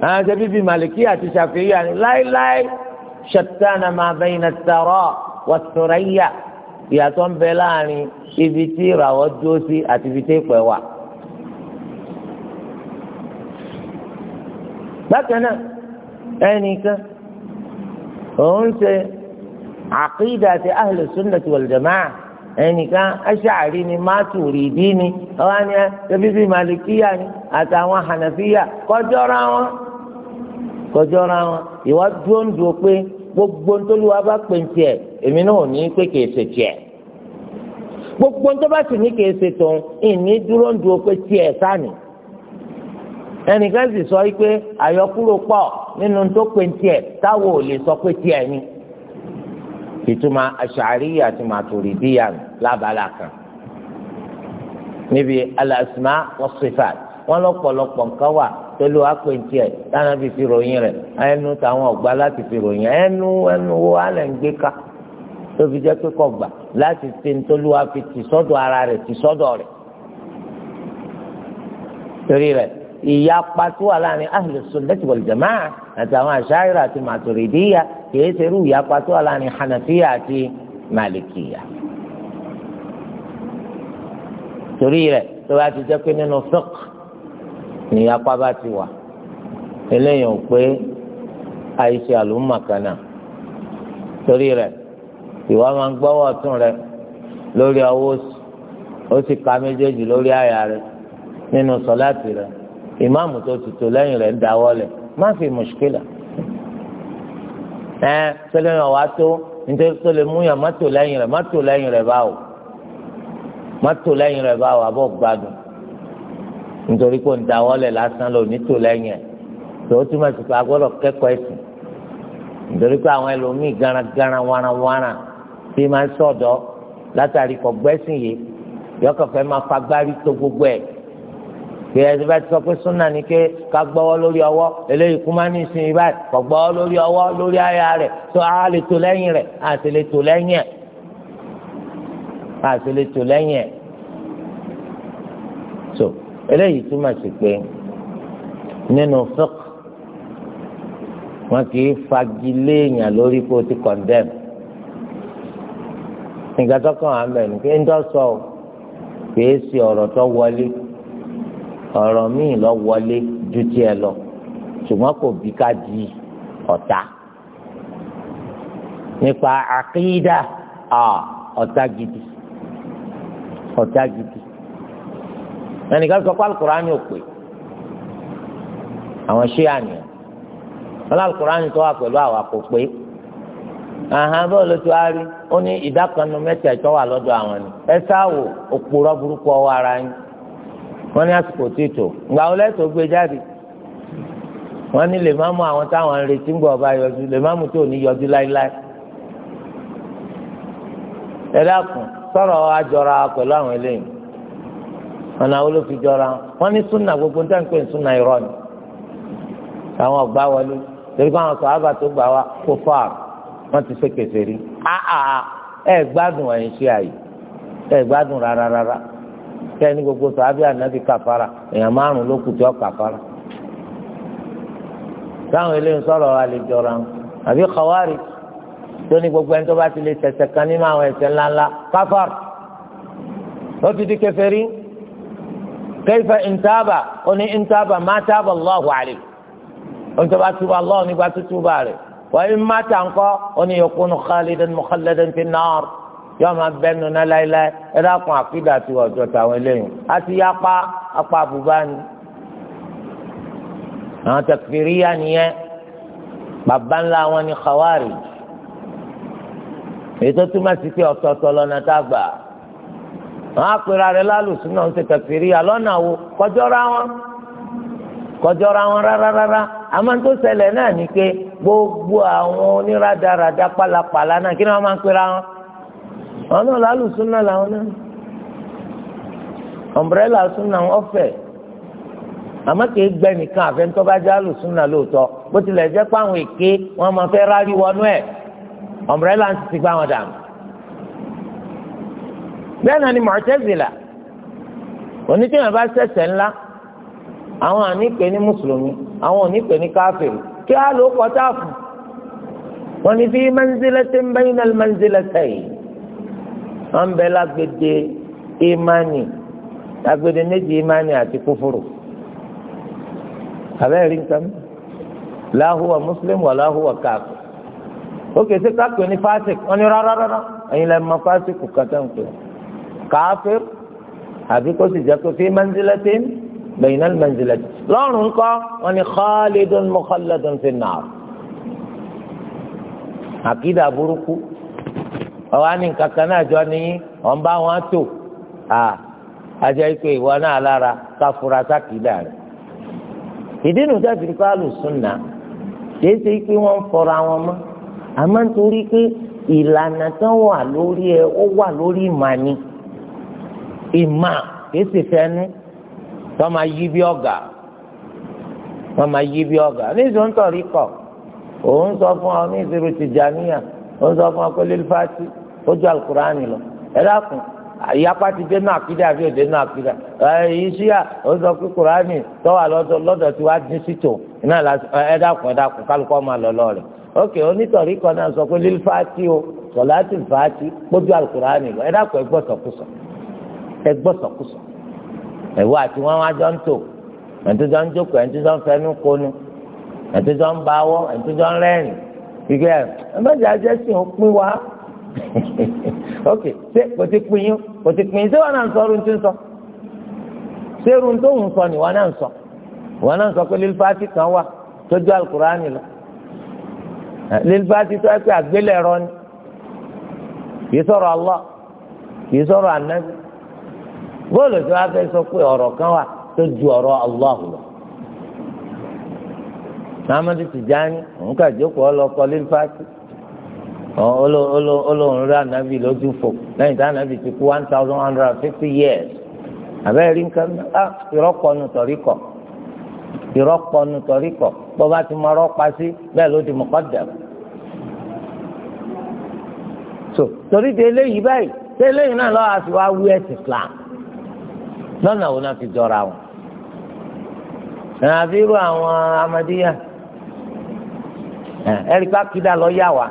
àwọn ṣe bíbí màlìkí àti ṣàfihàn láéláé ṣètàna máa bẹ̀yìn tààrọ̀ wàtúrẹ́yà ìyàtọ̀ ń bẹ láàrin ibi tí ìràwọ̀ dúró sí àti ibi tí ìpẹ́ bákan náà. ẹnìkan òun ṣe àkídà àti ahlẹ̀ sunnati jamaa ẹnìkan aṣáàrí ni mátùrìdí ni ọwọ́ ni ẹbíbí malikiya ni àtàwọn hànàfíyà kọjọ́ra wọn kọjọ́ra wọn ìwà iwa pé gbogbo ntòlúwa bá pè ń tiẹ̀ èmi náà ò ní pé kìí ṣe tiẹ̀ gbogbo ntòbá sì ní kìí ṣe tó ìní ẹnìkan sì sọ pé àyọkúrò pọ̀ nínú tó pe tiẹ̀ táwọn ò lè sọ pé tiẹ̀ ni ìtumọ̀ aṣàárí àti màtòrídìyà lábala kan níbi al-asma was-sifat wọn lọ́pọ̀lọpọ̀ nǹkan wà pẹ̀lú apẹ̀ntì ẹ̀ dáná fi fi ròyìn rẹ̀ ẹnu táwọn ọ̀gbá láti fi ròyìn ẹnu ẹnu wo alẹ̀ ń gbé ká tó fi jẹ́ pé gbà láti fi ntolúwa fi tì sọ́dọ̀ ara rẹ̀ tì sọ́dọ̀ rẹ̀ torí rẹ̀ ìyapa tó wà láàrin ahlu sunnati wal jamaa àti àwọn àṣàyẹrẹ àti màtòrídìyà kìí ṣe irú ìyapa tó wà láàrin hanafiya àti malikiya. torí rẹ̀ tó bá ti jẹ́ pé nínú fiqh ní ìyapa bá ti wà eléyìí ò pé àìṣe àlùmọ̀kànnà torí rẹ̀ ìwà máa ń gbọ́wọ́ ọ̀tún rẹ̀ lórí ọwọ́ ó sì ka méjèèjì lórí àyà rẹ̀ nínú sọláàtì rẹ̀ ìmáàmù tó ti tò lẹ́yìn rẹ̀ ń dáwọ́ lẹ̀ má fi mùṣkílà ẹ sẹ́lẹ̀ náà wàá tó nítorí tó lè múyàn má tò lẹ́yìn rẹ̀ má tò lẹ́yìn rẹ̀ báwò má tò lẹ́yìn rẹ̀ báwò àbọ̀ gbádùn nítorí kò ń dáwọ́ lẹ̀ lásán lò ní tò lẹ́yìn ẹ̀ tó o túmọ̀ sí pé a gbọ́dọ̀ kẹ́kọ̀ọ́ ẹ̀sìn nítorí pé àwọn ẹlòmíì garangaran waranwaran tí máa ń sọ̀dọ̀ látàrí kọ̀gbẹ́sìn yìí yọkọ̀fẹ́ máa fagbárí tó gbogbo ẹ̀ pé ẹni bá ti sọ pé súnà ni pé ká gbọ́wọ́ lórí ọwọ́ eléyìí kú má ní ìsìn ìbáyìí kò gbọ́wọ́ lórí ọwọ́ lórí àyà rẹ̀ tó a lè tò lẹ́yìn rẹ̀ a sì lè tò lẹ́yìn ẹ̀ a sì lè tò lẹ́yìn ẹ̀ so eléyìí túmọ̀ sí pé nínú fúk wọn kì í fagilé èèyàn lórí kó ti condemn nígbà tó kàn án mẹ́rin pé ń dọ́sọ̀ kì í ṣe ọ̀rọ̀ tó wọlé ọ̀rọ̀ míì lọ wọlé ju tiẹ̀ lọ ṣùgbọ́n kò bí ká di ọ̀tá nípa àkídà ọ̀tá gidi ọ̀tá gidi ẹnìkan sọ pé alukurani ò pè àwọn ṣé àníyàn wọn alukurani tó wà pẹ̀lú àwọn kò pé àhán bọ́ọ̀ ló ti wá rí ó ní ìdá kan nu mẹ́tẹ̀ẹ̀tọ́ wà lọ́dọ̀ àwọn ni ẹ sáà òpùrọ̀ burúkú ọwọ́ ara yín wọ́n ní àsìkò títò ìgbà wo lẹ́tọ̀ọ́ gbé jáde wọ́n ní lè má mú àwọn táwọn ń retí ń gbọ́ ọba yọjú lè má mú tí ò ní yọjú láéláé ẹ dákun sọ̀rọ̀ àjọra pẹ̀lú àwọn eléyìí ọ̀nà àwọn olófin jọra wọ́n ní súnà gbogbo ní táwọn ń pè súnà irọ́ ni àwọn ọ̀gbá wọlé torí pé àwọn sọ̀hábà tó gbà wá kó fà wọ́n ti ṣe kèfèrí ẹ gbádùn ẹ̀yìn ṣe àyè ẹ gbádùn rárá rárá kẹ́ni gbogbo sàbí ànábì kàfàrà èèyàn márùn ló kù tí ó kàfàrà táwọn eléyìí sọ̀rọ̀ àlejò ra wọn àbí kọ́wárì tó ní gbogbo ẹni tó bá ti lè ṣẹ̀ṣẹ̀ kan nínú àwọn ẹ̀ṣẹ̀ ńláńlá kàfàrà ó ti di kèfèrí kẹfẹ ìntàbà ó ní ìntàbà má tàbà Allahu alayhi ó ní tó bá túbà lọ́wọ́ nígbà tó túbà rẹ̀ wọ́n ń má tà ńkọ́ ó ní yakunu yóò máa bẹnu ná láéláé ẹ dákun àkídà tí ọjọ́ tàwọn eléyìí á ti yá pa apá àbúbá ni àwọn tẹkfìríyà nìyẹn bàbá ńlá wọn ni kawari ètò túmọ̀ sí pé ọ̀tọ̀ọ̀tọ̀ lọ́nà tá a gbà wọn á pera rẹ lálùsùn náà ń ṣe tẹkfìríyà lọ́nà wo kọjọ́ra wọn kọjọra wọn rárára àmọ́ tó ṣẹlẹ̀ náà ni pé gbogbo àwọn oníradàradà pálapàla náà kí ni wọ́n máa ń pera wọn àwọn náà lálù súnà làwọn náà ọmbrẹ́là súnà ọ̀fẹ́ àmọ́ kìí gbẹ nìkan àfẹ́ntọ́ bá jẹ́ àlù súnà lóòótọ́ bó tilẹ̀ jẹ́ pé àwọn èké wọn máa fẹ́ rárí wọnú ẹ̀ ọmbrẹ́là ń ti gbá wọn dànù bẹ́ẹ̀ náà ni mọ̀tẹ́zìlà onítìyàn bá ṣẹ̀ṣẹ̀ ńlá àwọn àníkè ní mùsùlùmí àwọn oníkè ní káfíìrì kí á ló kọ́ táàfù wọn ni fi mẹ́nzílẹ́tì ń bẹ́yìn náà mẹ́nzílẹ́tì yìí wọn bẹ lágbede imani lágbede méjì imani àti kúfúrú abẹ́rẹ́ rí nǹkan láhùwà mùsùlùmí wà láhùwà káàkiri ó kèé sí káàkiri ní fásik wọn ni rárá rárá ẹ̀yin lẹ́nu ma fásik kàtà ń pè káfíìr àbí kó sì jẹ́ kó fi manzilatin bẹ̀yìn manzilatin lọ́rùn kọ́ wọn ni khalidun mukhalladun fi nàr àkìdá burúkú ọwọ́ á ní nǹkan kan náà jọ ní ọ̀n bá wọn tò à ajẹ́ pé ìwọ náà lára ká fura sákìdá rẹ̀ ìdí nu jáde kó àlùsùnà kìí ṣe pé wọ́n ń fọra wọn mọ́ àmọ́ nítorí pé ìlànà tó wà lórí ẹ ó wà lórí ìmà ni ìmà kìí ṣe fẹ́nu tó máa yí bí ọ̀gà wọ́n máa yí bí ọ̀gá níṣẹ́ ń tọ̀rí kọ̀ òun sọ fún ọ ní ìṣirò tìjàníyà òun sọ fún ọ pé lílfàtì tọ́jú alukur'ani lọ ẹ dákun ìyapa ti dé náà kídà àbí òde náà kídà ẹyìn síyà ó sọ pé kur'ani tọ́wà lọ́dọ̀ lọ́dọ̀ tí wàá dín sí tò iná ẹ dákun ẹ dákun kálukọ́ máa lọ lọ́ọ̀rẹ́ ok onítọ̀rí kan náà sọ pé lílfàtì o sọláàtì fàtì tọ́jú alukur'ani lọ ẹ dákun ẹ gbọ́sọ̀kúsọ ẹ gbọ́sọ̀kúsọ ẹ̀wọ́ àti wọn wá jọ ń tò ẹ̀ńtújọ́ ń jókòó ẹ̀ńtújọ́ ń fẹnu konu ẹ̀ńtújọ́ ń bawọ́ ẹ̀ńtújọ́ ń rẹ́rìn-ín ok ṣé kò ti pin yín kò ti pin yín ṣé wọn náà ń sọ ọrùn tí ń sọ ṣé irun tó ń sọ ni wọn náà ń sọ wọn náà ń sọ pé lílfàtì kan wà tó alukurani lọ eh, lílfàtì tó yẹ pé àgbélẹ̀rọ ni kì í sọ̀rọ̀ Allah kì í sọ̀rọ̀ anabi bóòlù tí wọn fẹ́ sọ pé ọ̀rọ̀ kan wà tó ju ọ̀rọ̀ Allah lọ. Amadu Tijani, òun kà jókòó lọ kọ lílfàtì. Ọlọ́run rí ànábì lójú fò lẹ́yìn tí ànábì ti kú one thousand one hundred and fifty years àbẹ́rẹ́ rí nǹkan náà ah, ìrọ́pọ̀nù tọ̀ríkọ̀ ìrọ́pọ̀nù tọ̀ríkọ̀ bó bá ti mọ ọrọ́pa sí bẹ́ẹ̀ ló di mọ̀kọ́dẹ̀. so torí de eléyìí báyìí de eléyìí náà lọ́wọ́ àti wá wí ẹ̀sìn Islam lọ́nà wo náà fi jọra wọn. àfi irú àwọn amadíyà ẹ̀rí pákídà lọ yà wá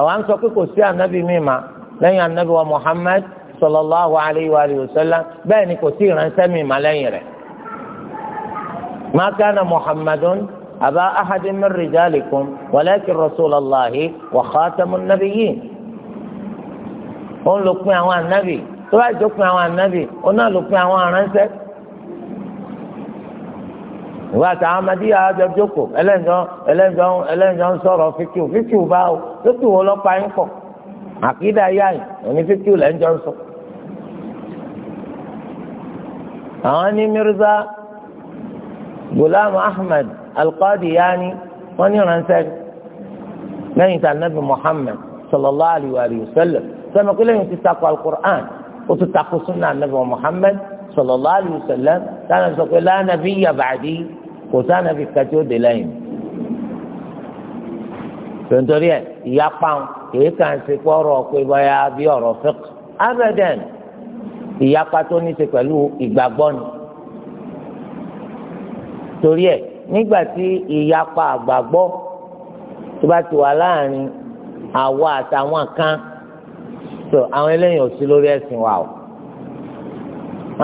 àwa ń sọ pé kò sí ànábì mímà lẹ́yìn ànábì wa Muhammad sallallahu alayhi wa sallam bẹ́ẹ̀ ni kò sí ìránṣẹ́ mímà lẹ́yìn rẹ̀ ma kana Muhammadun aba ahadin min rijalikum walakin rasulallahi wa khatamun nabiyyin òun ló pin àwọn ànábì tó bá jọ àwọn ànábì òun náà ló pin àwọn aránṣẹ́ ìwà àtàwọn amadíyà àjọ jókòó ẹlẹ́njọ́ ẹlẹ́njọ́ ẹlẹ́njọ́ ń sọ̀rọ̀ fíkìú fíkìú bá o fíkìú wọn lọ́pàá yín pọ̀ àkídà yá yìí òní fíkìú lẹ́njọ́ ń sọ. àwọn ní Mirza Ghulam Ahmad Al-Qadiyani wọ́n ní ránṣẹ́ lẹ́yìn tí anabi Muhammad sallallahu alayhi wa alihi wa sallam sọ́nà kí lẹ́yìn ti takò al-Qur'an ó ti sunna anabi Muhammad sallallahu alayhi wa sallam sọ́nà sọ pé la nabiyya ba'di kò sáà nàbì kàtí ó dé lẹ́yìn tontori ẹ ìyapa kìí kàn ṣe pé ọ̀rọ̀ pé báyà bí ọ̀rọ̀ fiqh abẹdẹn ìyapa tó ní ṣe pẹ̀lú ìgbàgbọ́ ni torí ẹ nígbà tí ìyapa àgbàgbọ́ tó bá ti wà láàrin àwa àtàwọn kan tó àwọn eléyìí ò sí lórí ẹ̀sìn wa o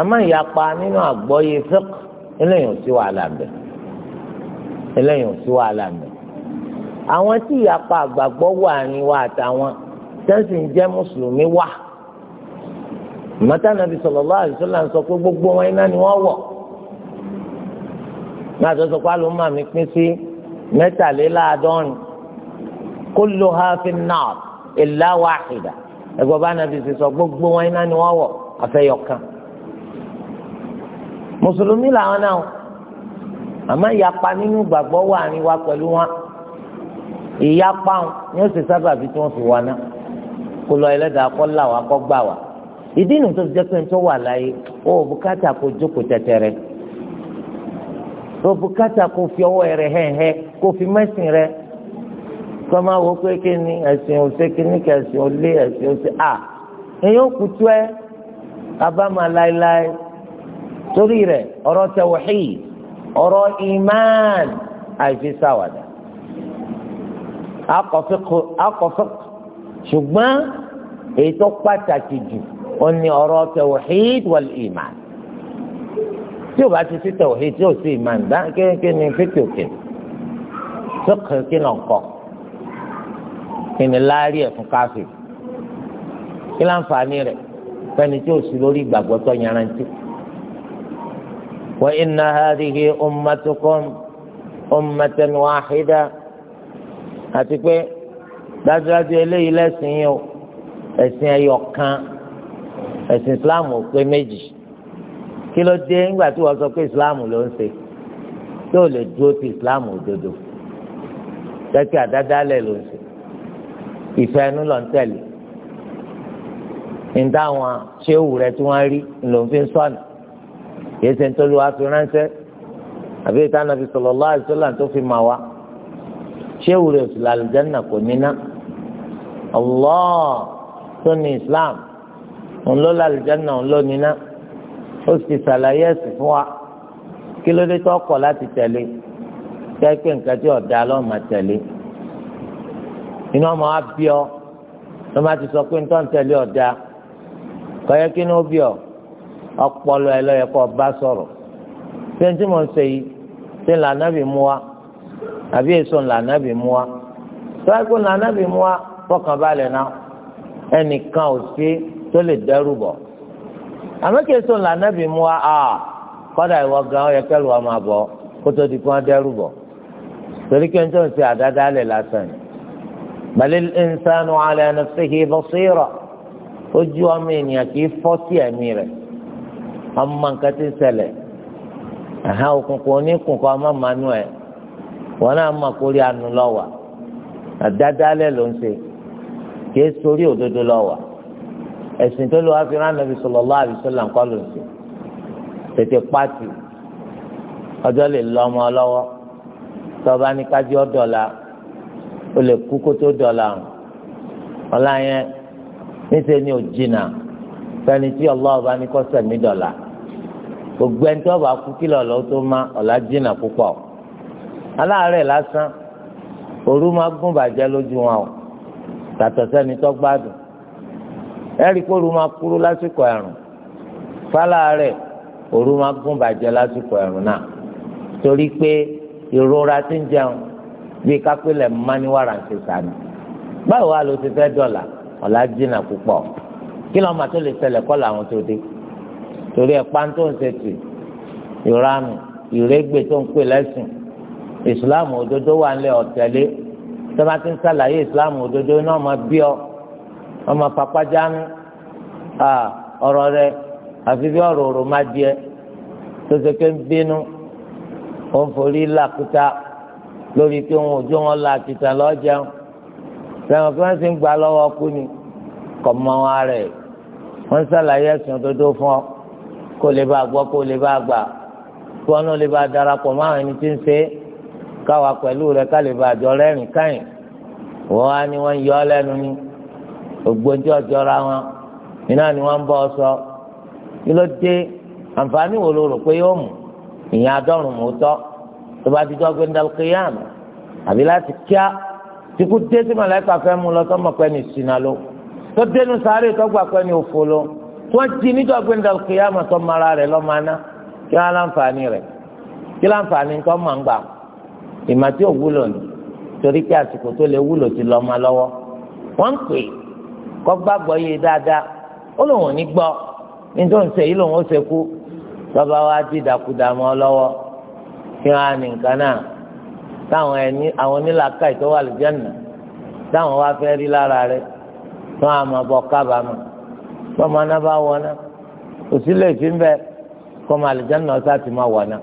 àmọ́ ìyapa nínú àgbọ́yé fiqh eléyìí ò sí wàhálà bẹ́ẹ̀ eléyìí ò sí wàhálà mi àwọn tí ìyapa àgbàgbọ́ wà ní wa àtàwọn tẹ́sí ń jẹ́ mùsùlùmí wà mọ́tà nàbí sallallahu alaihi wasallam sọ pé gbogbo wọn iná ni wọ́n wọ̀ náà tó sọ pé àlùmọ́ mi pín sí mẹ́tàléláàádọ́rin kulluha fin nar illa wahida ẹgbẹ́ bá nàbí sọ gbogbo wọn iná ni wọ́n wọ̀ àfẹ́yọ̀kan mùsùlùmí làwọn náà. àmọ́ ìyapa nínú gbàgbọ́ wà ní wa pẹ̀lú wọn ìyapa ni ó sì sábà fi tí wọ́n fi wà náà kó lọ ẹlẹ́dàá kọ́ là wá kọ́ gbà wá ìdí nu tó fi jẹ́ pé ń wà láyé ó bùkátà kó jókòó tẹ́tẹ́rẹ́ ó bùkátà fi ọwọ́ rẹ̀ hẹ́hẹ́ kó fi mẹ́sìn rẹ̀ kọ́ máa wọ pé kí ni ni òlé ẹ̀sìn òsè à èyí ó láéláé ọ̀rọ̀ iman àìfi sáwàdà akọ̀fẹ́kọ̀ ṣùgbọ́n èyí tó pàtàkì jù ó ní ọ̀rọ̀ tawhid wal iman tí o bá ti sí tawhid tí o sì iman dá kéèké ni fíkì òkè sọ́kè kí nà ń kọ́ kí ni láàárí ẹ̀ fún káfíìn kí láǹfààní rẹ̀ fẹ́ni tí o sì lórí ìgbàgbọ́ tó yanrantí. وإن هذه أمتكم أمة واحدة أتكوي dájúdájú eléyìí lẹ́sìn yìí o ẹ̀sìn ẹ̀yọ̀ kan ẹ̀sìn islam ò pé méjì kí ló dé nígbà tí wọ́n sọ pé islam ló ń ṣe tó lè dúró ti islam òdodo jẹ́kí àdádálẹ̀ ló ń ṣe ìfẹ́ ẹnu ló ń tẹ̀lé ní táwọn ṣéwù rẹ tí wọ́n rí ló ń fi sọ̀nà kìí ṣe nítorí wàá fi ránṣẹ́ àbí ìta nàbí sallallahu alaihi wasallam tó fi mà wá ṣéwù rẹ̀ sì làlùjánnà kò níná Allah tó ní Islam òun ló làlùjánnà òun ló níná ó sì ṣàlàyé ẹ̀sìn fún wa kí ló dé tó kọ̀ láti tẹ̀lé tẹ́ pé nǹkan tí ọ̀dà lọ́mọ tẹ̀lé inú ọmọ wa bí ọ lọ́mọ ti sọ pé nítorí tẹ̀lé ọ̀dà kọ́yẹ́ kí ni ó bí ọ ọpọlọ ẹ lọ́yẹ kó bá sọ̀rọ̀ ṣé tí mo ń ṣe yìí ṣé lànàbì mú wa àbí èso lànàbì mú wa tíwájú lànàbì mú wa fọkànbalẹ̀ náà ẹnìkan ò sí tó lè dẹ́rù bọ̀ àmọ́ kí èso lànàbì mú wa a kọ́dà ìwọ gan ọ yẹ kẹ́lu wa máa kó tó di kó wọ́n dẹ́rù bọ̀ torí kí n tó ń ṣe àdáda lẹ̀ lásán yìí balil insanu ala nafsihi basira ojú ọmọ ènìyàn kì í fọ́ sí ẹ̀mí rẹ̀ ọmọ nǹkan ti ṣẹlẹ̀ ẹ̀hán òkùnkùn oníkùnkùn ọmọ mànú ẹ̀ wọn náà mọ̀ kórè àánú lọ́wọ́ àdádálẹ̀ ló ń ṣe kì í sórí òdodo lọ́wọ́ ẹ̀sìn tó lọ wá fi rán nàbì sallallahu alaihi wasallam ńkọ́ ló ń ṣe tètè pàtì ọjọ́ lè lọ ọmọ lọ́wọ́ tọ́ba ní kájí ọ̀dọ́la ó lè kú kó tó dọ̀la ọ̀la yẹn níṣẹ́ ni ò jìnnà fẹ́ni tí ọlọ́ọ̀bá ní kọ́ sẹ̀mí dọ̀la gbogbo ẹni tó bá kú kílọ̀ lọ́wọ́ tó má ọ̀la jìnnà púpọ̀ aláàárẹ̀ lásán òru máa gún bàjẹ́ lójú wọn o tàtọ̀ sẹ́ni tó gbádùn ẹ̀rí pé òru máa kúrú lásìkò ẹ̀rùn fáláàárẹ̀ òru máa gún bàjẹ́ lásìkò ẹ̀rùn náà torí pé ìrora ti ń jẹun bíi kápẹ́lẹ̀ mmáníwára ń ṣe sànù báwo wá ló ti fẹ́ dọ̀là ọ̀la jìnnà púpọ̀ kí lọ́ọ́ máa tó lè ṣẹlẹ̀ kọ́ làwọn tó dé torí ẹ̀pá tó ń ṣètì ìranù ìrẹ́gbẹ̀ tó ń pè lẹ́sìn ìsìláàmù òdodo wà ń lẹ ọ̀tẹ̀lé tó bá ti ń sàlàyé ìsìláàmù òdodo náà máa bí ọ ọmọ papajánu ọ̀rọ̀ rẹ àfi bí ọ̀rọ̀ òrò má díẹ̀ tó ṣe pé ń bínú ó ń forí làkúta lórí pé òun òjò wọn la àkìtàn lọ́jẹun sẹ́wọ̀n kí wọ́n sì ń gbà lọ́wọ́ kú ni kọ̀ mọ́ wọn rẹ̀ wọ́n sàlàyé ẹ̀sìn òdodo fún ọ kó lè bá gbọ́ kó lè bá gbà kó ọ̀nà lè bá darapọ̀ mọ́ àwọn ẹni tí ń ṣe káwa pẹ̀lú rẹ̀ ká lè bá àjọ rẹ́rìn káyìn wọ́n á ní wọ́n yọ ọ́ lẹ́nu ní ògbójú ọjọ́ra wọn iná ni wọ́n ń bọ́ ọ sọ kí ló dé àǹfààní wo ló rò pé yóò mú ìyẹn adọ́rùn mú tọ́ tó bá ti jọ́ pé ń dá yá àná àbí láti kíá tìkú dé sí màláìka fẹ́ mú lọ sọ́mọ pẹ́ ní ìsìn ló tó dénú sáré tó pẹ́ ní òfo ló wọ́n ti níjọ́ gbẹ̀ndà kìyàmà tó mara rẹ̀ lọ́mọ aná kí wọ́n á láǹfààní rẹ̀ kí láǹfààní tó máa ń gbà ìmọ̀ tí ò wúlò ní torí kí àsìkò tó lè wúlò ti lọ́mọ lọ́wọ́ wọ́n ń pè kọ́ gbàgbọ́ yé e dáadáa ó lòun ò ní gbọ́ nítorí ń sè yí lòun ó ṣe kú lọ́ba wa ti dàkúdà lọ́wọ́ kí wọ́n á ní nǹkan náà táwọn ẹni àwọn onílàkà ìtọ́wà lùjẹ́nà táwọn wá fẹ́ rí lára rẹ̀ tó àmọ́ bọ́ kábàámọ̀ bọ́mọ náà bá wọ náà òsílẹ̀ ìfín bẹ́ẹ̀ kọ́ máa lè jẹ́nu ọ̀sá ti máa wọ̀ náà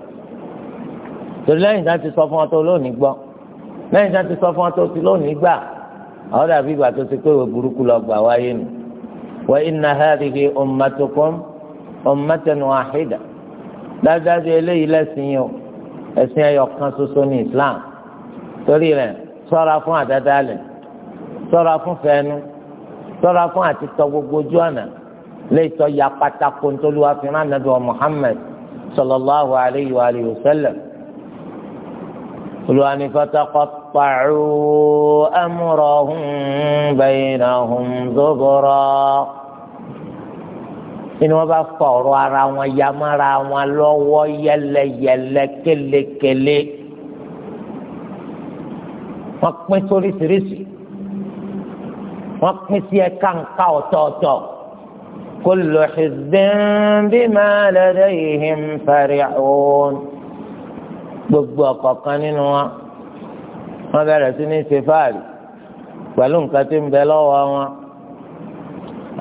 torí lẹ́yìn tí wọ́n ti sọ fún ọ tó lónìí gbọ́ lẹ́yìn tí wọ́n ti sọ fún ọ tó ti lónìí gbà àwọn dàbí ìgbà tó ti pé ìwé burúkú lọ gbà wáyé nù wa inna hadhihi ummatukum ummatan wahida dájúdájú eléyìí lẹ́sìn yìí o ẹ̀sìn ẹyọ kan ṣoṣo ní Islam torí rẹ̀ ṣọ́ra fún àdádálẹ̀ ṣọ́ra fún fẹ́nu ṣọ́ra fún àtitọ́ gbogbo ojú ọ̀nà léetọ́ ya pátákó ntòlúwa fi hàn nàbí wa muhammed sallallahu alayhi wa alayhi wa sallam olùwà ní fataqatta'u amrahum baynahum zubura inú wọn bá fọ ọ̀rọ̀ ara wọn yamara wọn lọ́wọ́ yẹlẹyẹlẹ kélekèle wọn pín sóríṣiríṣi wọn pín sí ẹ̀ka nǹka ọ̀tọ̀ọ̀tọ̀. كل حزب بما لديهم فرحون gbogbo ọ̀kọ̀ọ̀kan nínú wa wọ́n bẹ̀rẹ̀ sí ní ṣe fáàrí pẹ̀lú nǹkan tí ń bẹ lọ́wọ́ wọn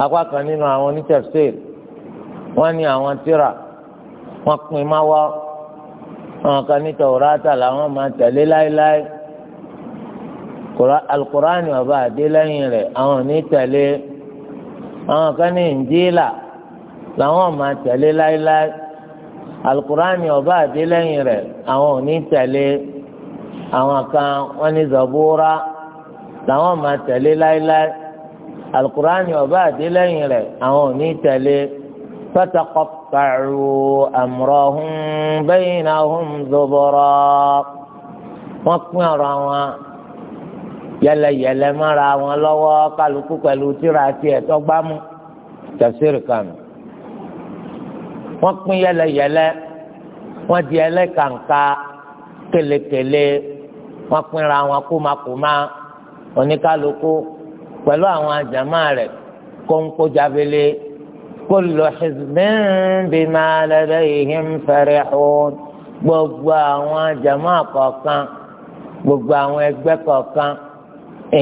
apá kan nínú àwọn onítẹ̀síìlì wọ́n ní àwọn tíra wọ́n pin má wá àwọn kan ní tàwùrátà làwọn máa tẹ̀lé láéláé alukóraani ọba àdé lẹ́yìn rẹ̀ àwọn ò ní tẹ̀lé àwọn kan ní ìǹjìlá làwọn máa tẹ̀lé láéláé alukurani ọba àdélẹ́yìn rẹ̀ àwọn ò ní tẹ̀lé àwọn kan wọ́n ní zabura làwọn máa tẹ̀lé láéláé alukurani ọba àdélẹ́yìn rẹ̀ àwọn ò ní tẹ̀lé fataqatta'u amrahum baynahum zubura wọ́n pín ọ̀rọ̀ àwọn yẹlẹyẹlẹ mọ́ra wọn lọ́wọ́ kálukú pẹ̀lú tíra tiẹ̀ tọ́gbámú tafsir kan wọ́n pín yẹlẹyẹlẹ wọ́n di ẹlẹ́kàǹkà kélekèle wọ́n pínra wọn kómakóma oníkálukú pẹ̀lú àwọn àjàmá rẹ̀ kónkó jábélé kullu hizbin bima ladayhim farihun gbogbo àwọn àjàmá kọ̀ọ̀kan gbogbo àwọn ẹgbẹ́ kọ̀ọ̀kan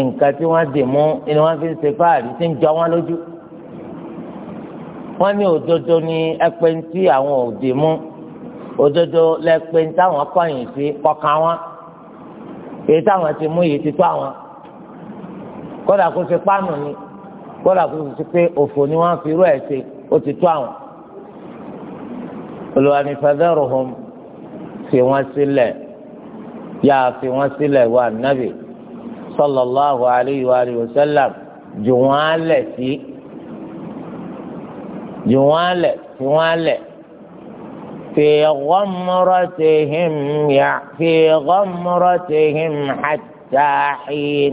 nǹkan tí wọ́n dì mú ni wọ́n fi ń ṣe fáàrí tí ń jọ wọ́n lójú wọ́n ní òdodo ní ẹpẹ́ ń tí àwọn ò dì mú òdodo lẹ́pẹ́ ń táwọn kọ̀yìn sí kọkàn wọn èyí táwọn ti mú yìí ti tó àwọn kódà kó ṣe pánù ni kódà kó ṣe pé òfò ni wọ́n fi irú ẹ̀ ṣe ó ti tó àwọn olùwànífẹ́dẹ́rù hàn fi wọ́n sílẹ̀ yáa fi wọ́n sílẹ̀ wà nábì sallallahu alayhi wa alihi wa sallam jù wọ́n lẹ̀ sí jù wọ́n lẹ̀ sí wọ́n lẹ̀ fi ghamratihim ya fi ghamratihim hatta hin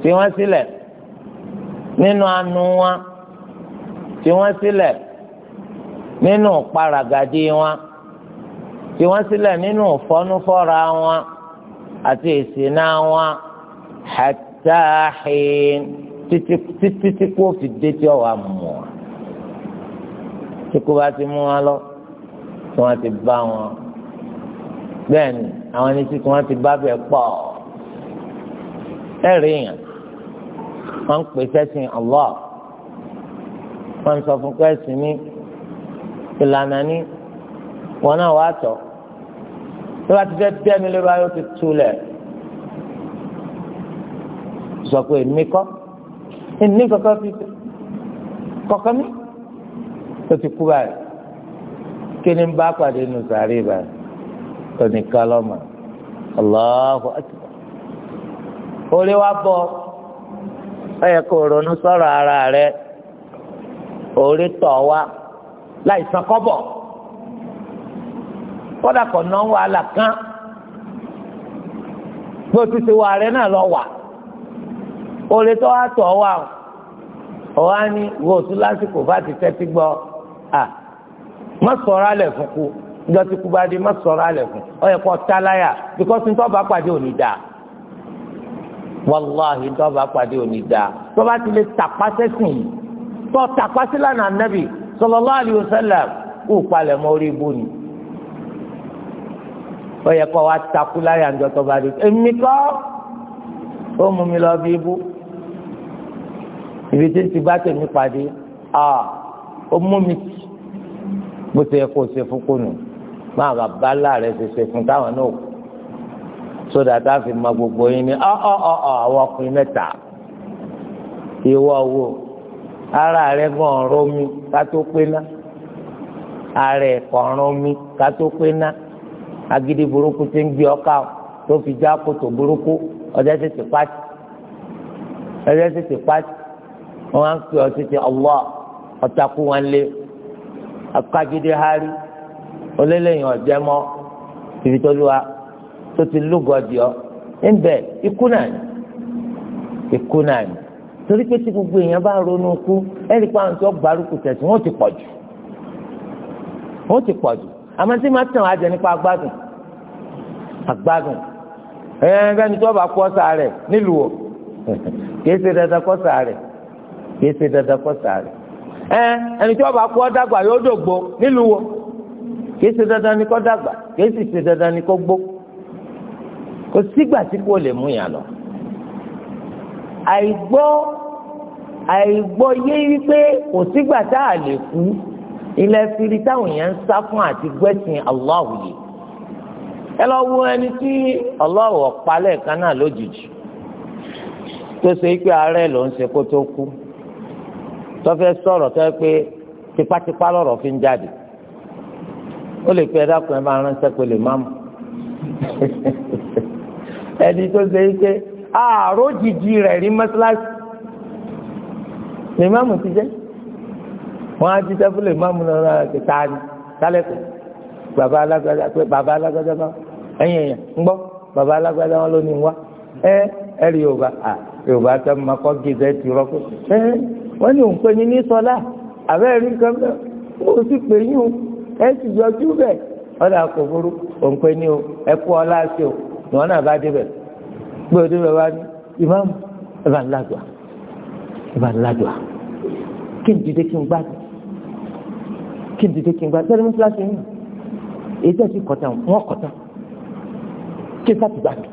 fi wọ́n sílẹ̀ nínú anu wọn fi wọ́n sílẹ̀ nínú paragadi wọn fi wọ́n sílẹ̀ nínú fọnúfọ́ra wọn àti ìṣìnà wọn hatta hin títí títí kó fi dé tí ọwọ́ àmọ tí kò bá ti mú wọn lọ tí wọn ti bá wọn bẹ́ẹ̀ ni àwọn ẹni tí wọn ti bá bẹ́ẹ̀ pọ̀ ẹ rí yàn wọn pè sẹ́sìn Allah wọn sọ fún pẹ́ẹ́sì ní ìlànà ní wọn náà wàá tọ̀ tí wọn ti fẹ́ tẹ́ mi lórí ayé ti túlẹ̀ sọ pé èmi kọ́ èmi kankan fi kọ̀ọ̀kan mi tó ti kú báyìí kí ni bá pàdé nù sàárè báyìí oníkan lọ́mọ Allahu akbar orí wa bọ̀ ọ yẹ kó ronú sọ̀rọ̀ ara rẹ orí tọ̀ wá láì san kọ́bọ̀ kódà kọ̀ náà wàhálà kan bó ti ti wà rẹ náà lọ wà òòlè tó wá tọ̀ wá o ọ̀wá ni wo tún lásìkò bá ti tẹ́tí gbọ́ à má sọ̀rọ̀ alẹ̀ fún kú ìjọ tí kú bá dé má sọ̀rọ̀ alẹ̀ fún ọ yẹ kó tá láyà bíkọ́sì ní tọ́ba pàdé òní dáa wàláhì tọ́ba pàdé òní dáa tọ́ba ti lè tàpásẹ́ sìn yìí tọ́ tàpásẹ́ lánàá nẹ́bì sallallahu alaihi wasallam kú palẹ̀ mọ́ orí ibú ni ọ yẹ kó wa takú láyà ìjọ tọ́ba dé èmi kọ́ ó mú mi lọ bí ibú ibi tí ń ti bá tèmi pàdé a ó mú mi tì bó ṣe yẹ kó ṣe fún kùnú máa bá bálá rẹ ṣe fún táwọn náà sódà tá a fi ma gbogbo yín ni ọ ọ ọ ọ àwọn ọkùnrin mẹ́ta ìwọ wo ara rẹ gan ọ̀rọ̀ mi ká tó pé ná ara ẹ kọrọ mi ká tó pé ná agídí burúkú ti ń gbé ọkà tó fi já kòtò burúkú ọjọ́ tètè pàtì ọjọ́ tètè pàtì. wọn ha ń pè Allah ọtakú wọn lé akagídé hárí olélẹyìn ọjẹ mọ tìbítọ́lúwa tó ti lúgọdì ọ ńbẹ ikú náà ni ikú náà ni torí pé tí gbogbo èèyàn bá ronú kú pa àwọn tí gbárùkù ti ti tí tàn nípa agbádùn kìí ṣe dandan kọ́ sàárì ẹ ẹni tí wọ́n bá kú ọ yóò dògbò nílùú wo kìí ṣe dandan ni kọ dàgbà kìí sì ṣe dandan ni kó gbó kò sígbà tí kò lè mú yàn lọ àìgbọ́ àìgbọ́ yé wípé kò sígbà tá a lè kú ilẹ̀ fìrí táwọn èèyàn ń sá fún àti gbẹ́sìn aláwọ̀ ẹ lọ wo ẹni tí aláwọ̀ palẹ̀ kan náà lójijì tó ṣe pé ló ń ṣe tọ́fẹ́ sọ̀rọ̀ tọ́ pé tipátipá fi ń jáde ó lè pe ẹ máa ránṣẹ́ pé lè mọ̀ ẹni tó ṣe é pé àárò jìjì rẹ̀ rí mọ́ṣáláṣí lè má mọ̀ ti jẹ́ wọ́n á jíṣẹ́ fún lè má mọ̀ lọ́rọ̀ kíta ni sálẹ̀kọ̀ bàbá alágbádá pé bàbá alágbádá ẹ̀yìn ẹ̀yìn ń gbọ́ bàbá alágbádá wọn wá ẹ ẹ̀rí yorùbá yorùbá tẹ́ mọ́ wọ́n ní òun pè ní ní sọlá àbẹ́rẹ́ nǹkan bẹ́ẹ̀ ó sì pè yín o ẹ sì yọjú bẹ́ẹ̀ ọ̀dà kò burú òun pè ní o ẹ kú ọlá sí o ni wọ́n náà bá débẹ̀ gbé òde bẹ̀ wá ní ìmáàmù ẹ bá ń ládùá ẹ bá ń ládùá kí n dìde kí n gbádùn kí n dìde kí n gbádùn sẹ́ni mú kíláàsì yìí èyí tẹ̀ sí kọ̀tà wọ́n kọ̀tà kí n sá ti gbádùn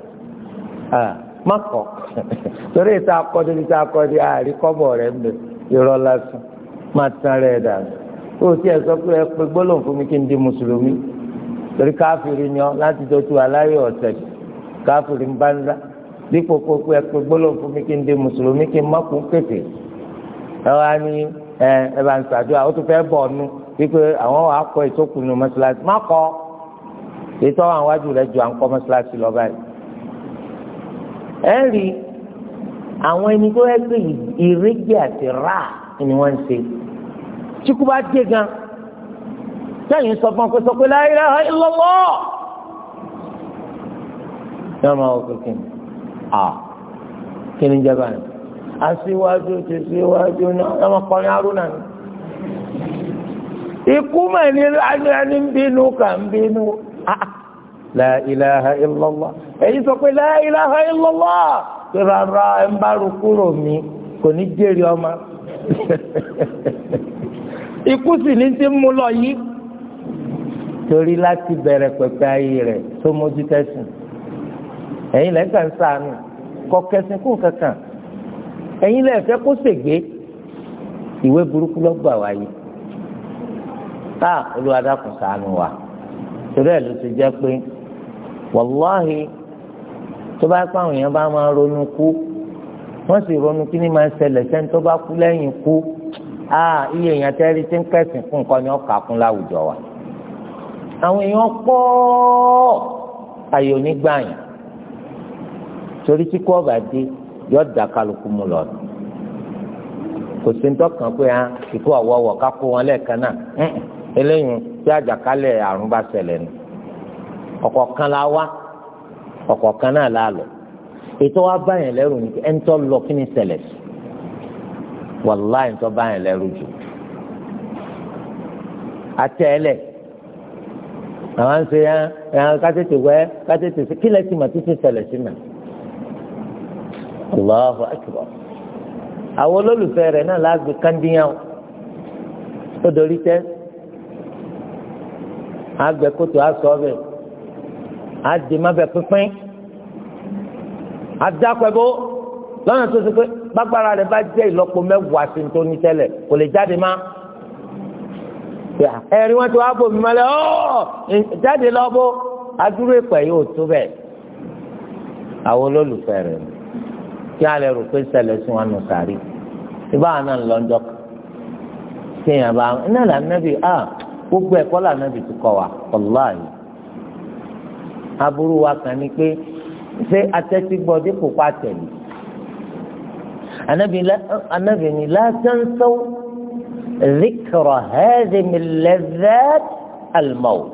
má kọ̀ torí ìta akọ́dé ìta akọ́dé àríkọ́bọ̀ rẹ̀ ń bẹ̀rẹ̀ irọ́ lásán máa tán rẹ̀ dànù ó sì ẹ̀ sọ pé ẹ pé gbólóhùn fún mi kí n di mùsùlùmí torí káfíìrì ni ọ láti tó tu aláyọ̀ ọ̀sẹ̀ káfíìrì ń bá ń dá dípò kó pé ẹ pé gbólóhùn fún mi kí n di mùsùlùmí kí n má kún kéfì ẹ wá ní ẹ ẹ bá ń ṣàdúrà ó tún fẹ́ bọ̀ ọ̀nu wípé àwọn wàá kọ ìtókùnù mọ́ṣáláṣí má kọ́ ètò àwọn àwájú rẹ̀ ju à ń kọ́ mọ́ṣáláṣí lọ báyìí. ẹ rí i àwọn ẹni tó yẹ pé ìrẹ́jì àti rà ni wọ́n ń ṣe tíkú bá dé gan sẹ́yìn sọ fún ọkọ sọ pé la ilaha illallah yọọ máa wọ kékeré à kí ni jẹba ni aṣíwájú ti ṣíwájú náà ọmọ kọrin arúnà ni ikú mà ní ẹni ń bínú kà ń bínú la ilaha illallah sọ pé la ilaha pé rárá ẹ ń bá ru kúrò mi kò ní jèrè ọmọ ikú sì ní ti mú lọ yìí torí láti bẹ̀rẹ̀ pẹ̀pẹ̀ ayé rẹ̀ tó mójú tẹ̀sìn ẹ̀yin lẹ́gbẹ̀ẹ́ ń sànù kọ kẹsìn kún kankan ẹ̀yin lẹ́ẹ̀fẹ́ kó ṣègbè ìwé burúkú lọ́gbà wáyé tá olùwádàkùn sànù wa torí ẹ̀ ló ti jẹ́ pé tó bá pa àwọn èèyàn bá máa ronú kú wọ́n sì ronú kí ni máa ṣẹlẹ̀ sẹ́ni tó bá kú lẹ́yìn kú a iye èèyàn tẹ́rí tí ń kẹ̀sìn fún nǹkan ni ọkà kún láwùjọ wa àwọn èèyàn pọ̀ àyè onígbàyàn torí tí kú ọ̀bà dé yọ da kálukú mu lọ kò sí ntọ́kàn pé hàn ah, ìkú ọ̀wọ́wọ́ ká kó wọn lẹ́ẹ̀kan náà eléyìí tí àjàkálẹ̀ àrùn bá ṣẹlẹ̀ nù ọ̀kọ̀ọ̀kan la wá ọ̀kọ̀ọ̀kan náà láàlọ́ ètò wa báyẹn lẹ́rù ni ẹni tó lọ kí ni ṣẹlẹ̀ sí wàláì tó báyẹn lẹ́rù jù àtẹ̀lẹ̀ àwọn ṣe yẹn ẹ̀hán kátètè wẹ́ kátètè sí kí lẹ́sìn màtí ti ṣẹlẹ̀ sí mẹ́ Allahu akbar àwọn olólùfẹ́ rẹ̀ náà láàgbé kandíyàn ó dorí tẹ́ àgbẹ̀kótó àsọ̀ọ́bẹ̀ àdèmàbẹ pínpín àdàpẹ̀bọ lọ́nà tó ṣe pé gbàgbára rẹ̀ bá jẹ́ ìlọ́po mẹ́wàá sí ní tó ní tẹ́lẹ̀ kò lè jáde má ẹ̀rí wọn ti wá bòmí mọ́lẹ̀ ọ́ jáde lọ́bọ̀ adúrú ìpẹ́ yóò tó bẹ́ẹ̀ àwọn olólùfẹ́ rẹ̀ kí alẹ́ rò pé ṣẹlẹ̀ sí wọn nù sàrí ibà náà lọ́jọ́ kéèyàn bá náà lànà bí ah, gbogbo ẹ̀kọ́ lànà bí ti kọ́ wa ọ̀láyìí aburú wa kàn ní pé ṣé atẹ́tí gbọ́ dípò pa tẹ̀lé anabi ni lásán sọ zikra hẹ́ẹ̀dẹ̀mí lẹ́dẹ́t almaut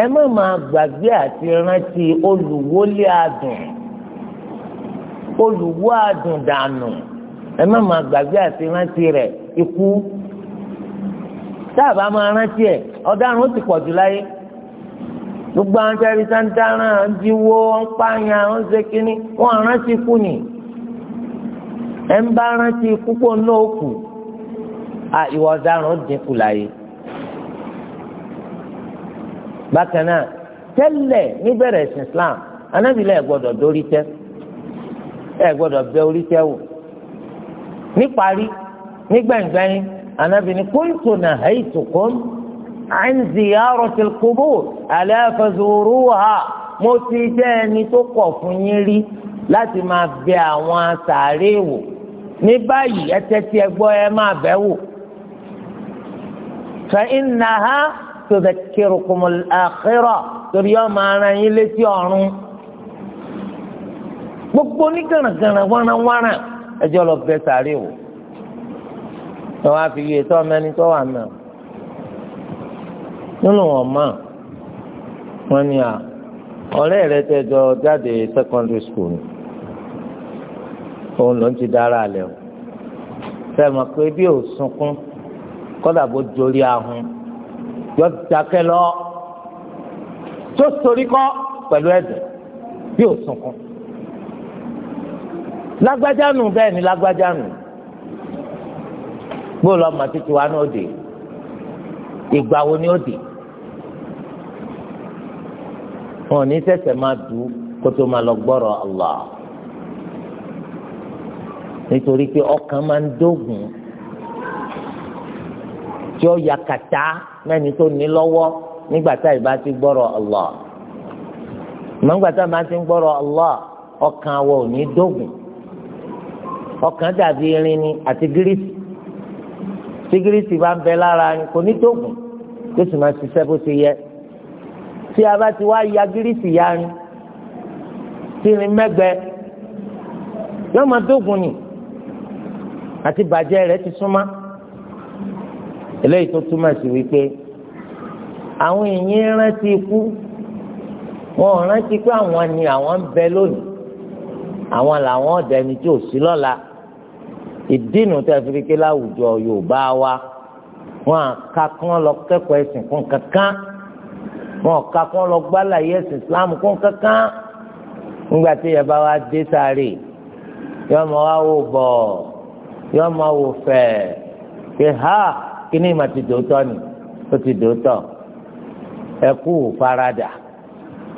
ẹ má máa gbàgbé àti rántí olùwọlé adùn olùwọ adùn dànù ẹ má máa gbàgbé àti rántí rẹ̀ ikú tá a bá máa rántí ẹ ọ̀daràn ó ti pọ̀ jù láyé gbogbo àwọn tí a rí sáńtárà ń diwó ń pààyàn ń ṣe kínní wọn rántí kú ni ẹ ń bá rántí púpọ̀ náà kù à ìwà ọ̀daràn dínkù láyé. bákan náà tẹ́lẹ̀ níbẹ̀rẹ̀ ẹ̀sìn Islam anábìlẹ̀ ẹ̀ gbọ́dọ̀ dórí tẹ́ ẹ̀ gbọ́dọ̀ bẹ orí tẹ́ wò níparí nígbẹ̀ngbẹ̀yìn anábìlẹ̀ kóńtò náà ẹ̀yìn tó kọ́ńtò. عن زيارة القبور ألا فزوروها mo ti jẹ́ ẹni tó kọ̀ fún yín rí láti máa bẹ àwọn sàárè wò ní báyìí ẹ tẹ́tí ẹ gbọ́ ẹ máa bẹ̀ wò. fa innaha tudhakkirukumul akhirah torí ọ máa ran yín létí ọ̀run. gbogbo ní gànàgànà wánawánà ẹjọ́ lọ bẹ sàárè wò. ẹ wá fi yé tọ́ mẹ́ni tó wà mẹ́rin nínú wọn mọ wọn ni à ọ̀rẹ́ rẹ tẹjọ jáde secondary school ni òun ló ń ti dára lẹ o fẹ́ mọ̀ pé bí ò sunkún kódà bó jorí ahun yọ dákẹ́ lọ tó sorí kọ pẹ̀lú ẹ̀dùn bí ò sunkún lágbájá nù bẹ́ẹ̀ ni lágbájá nù gbọ́dọ̀ ọmọ títí wa náà dé ìgbà wo ni ó dé wọn ò ní sẹ̀sẹ̀ máa dùn kó tó máa lọ gbọ́rọ̀ Allah nítorí pé ọkàn máa ń dógùn tí ó ya kàtá mẹ́ni tó ní lọ́wọ́ nígbà tá ìbá ti gbọ́rọ̀ Allah nígbà tá ìbá ti gbọ́rọ̀ Allah ọkàn wa ò ní dógùn ọkàn dàbí irin ni àti gírísì tí gírísì bá ń bẹ lára ni kò ní dógùn tó sì máa ṣiṣẹ́ bó ti yẹ tí a bá ti wá ya gírísì yarin tírin mẹ́gbẹ́ yóò máa dógun ni àti bàjẹ́ rẹ̀ ti súnmọ́ eléyìí tó túmọ̀ sí wípé àwọn èèyàn rántí ikú wọn ò rántí pé àwọn ni àwọn ń bẹ lónìí àwọn làwọn ọ̀dẹni tí ò sí lọ́la ìdínú tẹ́ fi ké láwùjọ Yorùbá wa wọn àka kán lọ kẹ́kọ̀ọ́ ẹ̀sìn fún kankan wọn ọ̀ka kí wọ́n lọ gbá láyé ẹ̀sìn islam kó kankan nígbà tí yẹn bá wá dé sáré yọ ọmọ wa wò bọ̀ yọ ọmọ wò fẹ̀ pé ha kíní ìmọ̀ ti dòótọ́ ni ó ti dòótọ́ ẹ kú faradà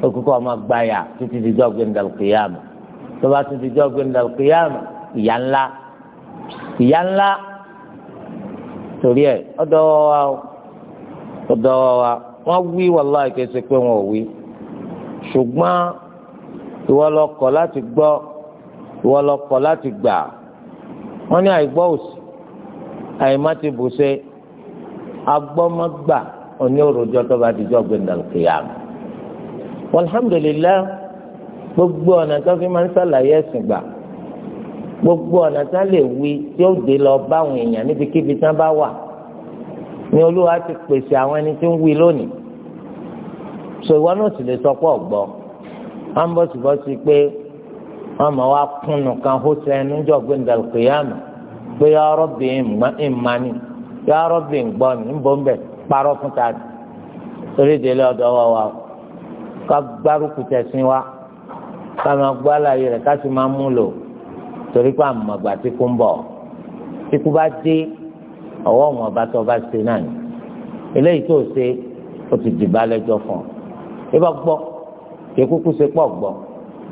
ó kúkọ́ ọmọ gbáyà títí di jọ́gbìn dàlùkìyàmù tó bá tún di jọ́gbìn dàlùkìyàmù ìyá ńlá ìyá ńlá torí ẹ ọdọ wa ọdọ wa wọ́n wí wàláì kẹsẹ̀ pé wọn ò wí ṣùgbọ́n ìwọ lọ kọ̀ láti gbọ́ ìwọ lọ kọ̀ láti gbà wọ́n ní àìgbọ́ òsì àìmá ti bù ṣe agbọ́mọgbà òní òròjọ́ tó bá dijọ́ gbẹ̀ndàlùkìyàmù alhamdulilayi gbogbo ọ̀nà tó fi máa ń sàlàyé ẹ̀sìn gbà gbogbo ọ̀nà tó lè wí tí ó dé lọ báwọn èèyàn níbikíbi tán bá wà ni olúwa ti pèsè àwọn ẹni tí ń wí lónìí so ìwọ náà sì lè sọ pé ọgbọ wọn bọ sí bọ sí pé wọn mọ wá kúnnù kan hó sẹnu jọ gbé ndàlùkìyàmù pé ya Rabbi ìmánì ya Rabbi ìgbọ́ni ńbọ̀nbẹ parọ́ fún ta torí délé ọ̀dọ́ wa wa ká gbárùkù tẹ̀sìn wa ká máa gbọ́ àlàyé rẹ̀ ká sì máa mú lò torí pé àmọ̀gbà tí kú ń bọ̀ tí bá dé ọwọ́ ọmọ ọba tó ọba ṣe náà ni eléyìí tó ṣe ó ti dìbà lẹ́jọ́ fún ọ ibà gbọ́ ìkúkú ṣe pọ̀ gbọ́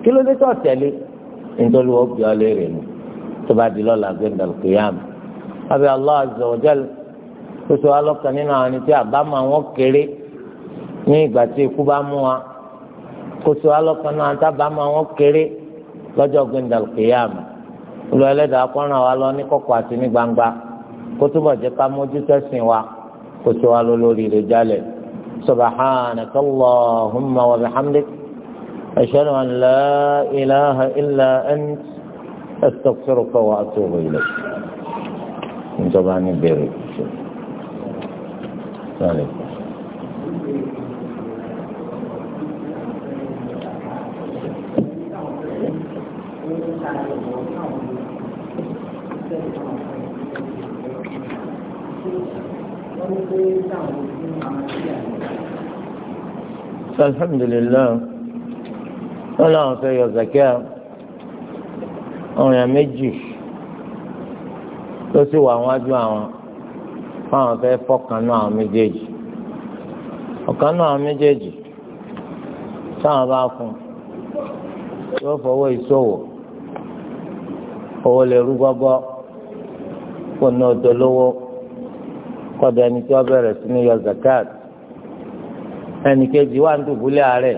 kí ló dé tó tẹ̀lé nítorí wọ́n bí ọ léèrè nù tó bá di lọ́la gbẹ̀ndà kìyàmù abẹ́ Allah azza wa jal tó ṣe wá lọ́kàn nínú àwọn ẹni tí àbámọ̀ àwọn kéré ní ìgbà tí ikú bá mú wa kó ṣe wá lọ́kàn náà tábàámọ̀ àwọn kéré lọ́jọ́ gbẹ̀ndà kìyàmù olùwẹ̀lẹ́dàá kọ́ràn wa lọ ní kọ̀kọ̀ àti ní gbangba kó túbọ̀ jẹ́ ká mójútó ẹ̀sìn wa kó tó wa lọ lórí rẹ̀ jálẹ̀ subhanaka allahumma wa bihamdik ashhadu an la ilaha illa ant astaghfiruka wa atubu ilayk. njọba ni bẹ̀rẹ̀ sọ́ọ́ alhamdulilayi wọn làwọn fẹ́ yọ zakia ọ̀ràn méjì tó sì wà wájú àwọn fáwọn fẹ́ fọkànnú àwọn méjèèjì ọ̀kanú àwọn méjèèjì táwọn bá fún yóò fọwọ́ ìṣòwò owó lè rú gbọ́gbọ́ kó ná odò lówó kọ́dà ẹni tí wọ́n bẹ̀rẹ̀ sí ní yọ zakat ẹnì kejì wà ń dùbúlẹ̀ àárẹ̀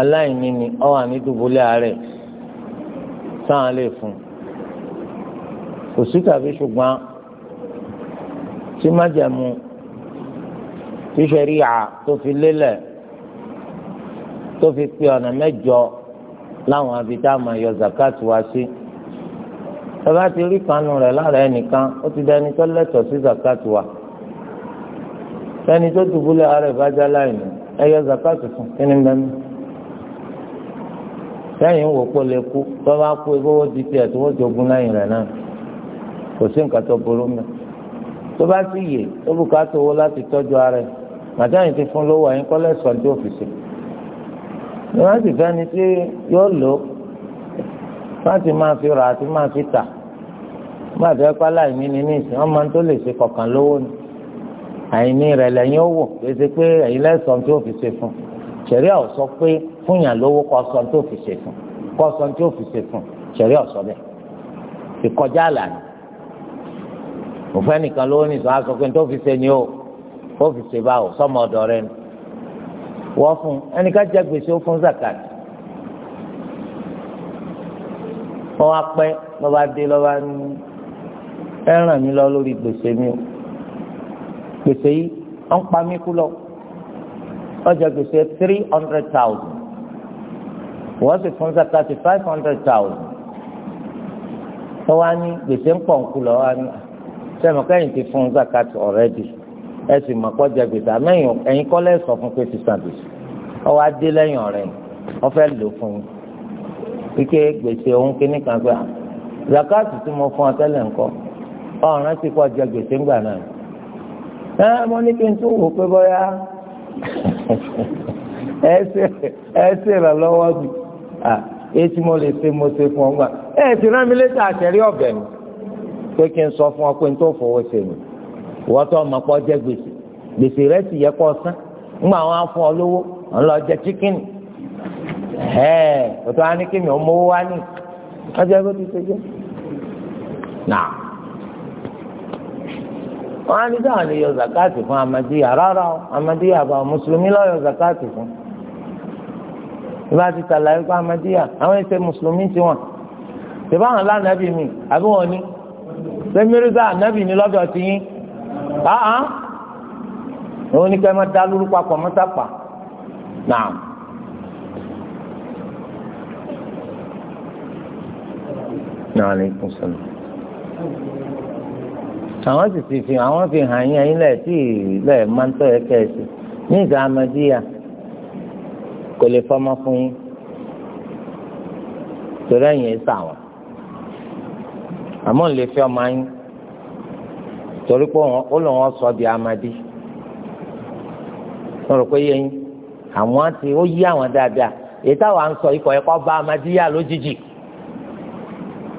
aláìní ni ọ wà ní dùbúlẹ̀ àárẹ̀ sáwọn lè fún kò sí tàbí ṣùgbọ́n tí májẹ̀mú tí ṣẹ̀ríà tó fi lélẹ̀ tó fi pe ọ̀nà mẹ́jọ láwọn abidá máa yọ zakat wá sí. Si tọ́ba ti rí kanu rẹ̀ lára ẹnìkan ó ti dẹni tó lẹ́tọ̀ọ́ sí zakatu wa ẹni tó dùbúlẹ̀ ara ìbájá láìní ẹ yọ zakatu fún kí ni bẹ́ẹ̀ mi sẹ́yìn ń wò pé lè kú tọ́ba kú ewéwó di tiẹ̀ tó wọ́n jogun lẹ́yìn rẹ̀ náà kò sí nǹkan tó burú mi tọ́ba sì yè ó bùkátà owó láti tọ́jú ara ẹ̀ màdáyìn ti fún lówó ẹ̀yin kọ́lẹ́sọ̀ ní òfìsì ìwádìí fẹ́ni tí yóò lò ó láti máa fi rà àti máa fi tà nígbà tó yẹ pé aláìní ni níìsín wọn máa ń tó lè ṣe kọ̀ọ̀kan lówó ni àìní rẹ̀ lẹ́yìn ó wò kéde pé ẹ̀yin lẹ́sàn-án tí ó fi ṣe fún ṣẹ̀rí ọ̀ pé fúnyàn lówó kọ́ sọ fi ṣe fún kọ́ tí ó fi ṣe fún ṣẹ̀rí ọ̀ sọ bẹ́ẹ̀ ìkọjá àlàní òfẹ́ nìkan lówó nìsọ á sọ pé tó fi ṣe ni ó ó fi ṣe báwò sọmọ ọ̀dọ̀ rẹ̀ ni wọ́n fún ẹnìkan jẹ gbèsè ó zakat wọn wá pẹ́ lọ́ba dé lọ́ba ní ẹ ràn mí lọ lórí gbèsè mi o gbèsè yìí wọ́n pa mí kú lọ ọjà gbèsè three hundred thousand wọ́n sì fún zaka five hundred thousand wọ́n wá ní gbèsè ń pọ̀ ń kú lọ wá ní sẹ́mi kẹ́yìn ti fún zaka already ẹ sì mọ̀ kọ́ jẹ gbèsè àmọ́ ẹ̀yin kọ́lẹ́ sọ fún pé sísan gbèsè ọwọ́ adé lẹ́yìn ọ̀rẹ́ ọ̀fẹ́ lò fún yín. ike gbèsè òun kíní kan pé ah, zakati tí mo fún ọ tẹ́lẹ̀ ńkọ́ ọ̀ràn ti kọ́ jẹ gbèsè ńgbà náà ẹ mo ní kí n tún wò pé bọ́yá ẹ ṣe ìrànlọ́wọ́ bi èsì mo lè ṣe mo ṣe fún ọ ńgbà ẹ ti rán mi létà àṣẹrí ọ̀bẹ mi pé kí n sọ fún ọ pé n tó fowó ṣe mi ìwọ́n tó ọmọ pọ̀ jẹ gbèsè gbèsè rẹ yẹ san ńgbà wọn á fún ọ lówó ọ̀ jẹ ẹ òtún á ní kí mi ò mówó wá ní ọjọ́ tó ṣe nà yọ zakati fún amadiya rárá o amadiya bá mùsùlùmí lọ yọ zakati fún ìbá ti fún amadiya àwọn ẹsẹ̀ mùsùlùmí ti wọn tìbáwọn lánàbì mi àbí wọn ni sẹmírísà ànábì ni lọ́dọ̀ ti yín áhà òun ni kẹ́ ẹ náà ní kùsùn. àwọn sì ti fi àwọn fi hàn yín ẹ̀yin lẹ tí ìlẹ máa ń tọ ẹ kẹsì ní ìgbà amadíyà kò lè fọmọ fún yín torí àmọ́ lè fi ọmọ yín torí pé ó wọn sọ di amadi wọn rò pé yẹn àwọn ti ó yí àwọn dáadáa èyí táwọn à ń sọ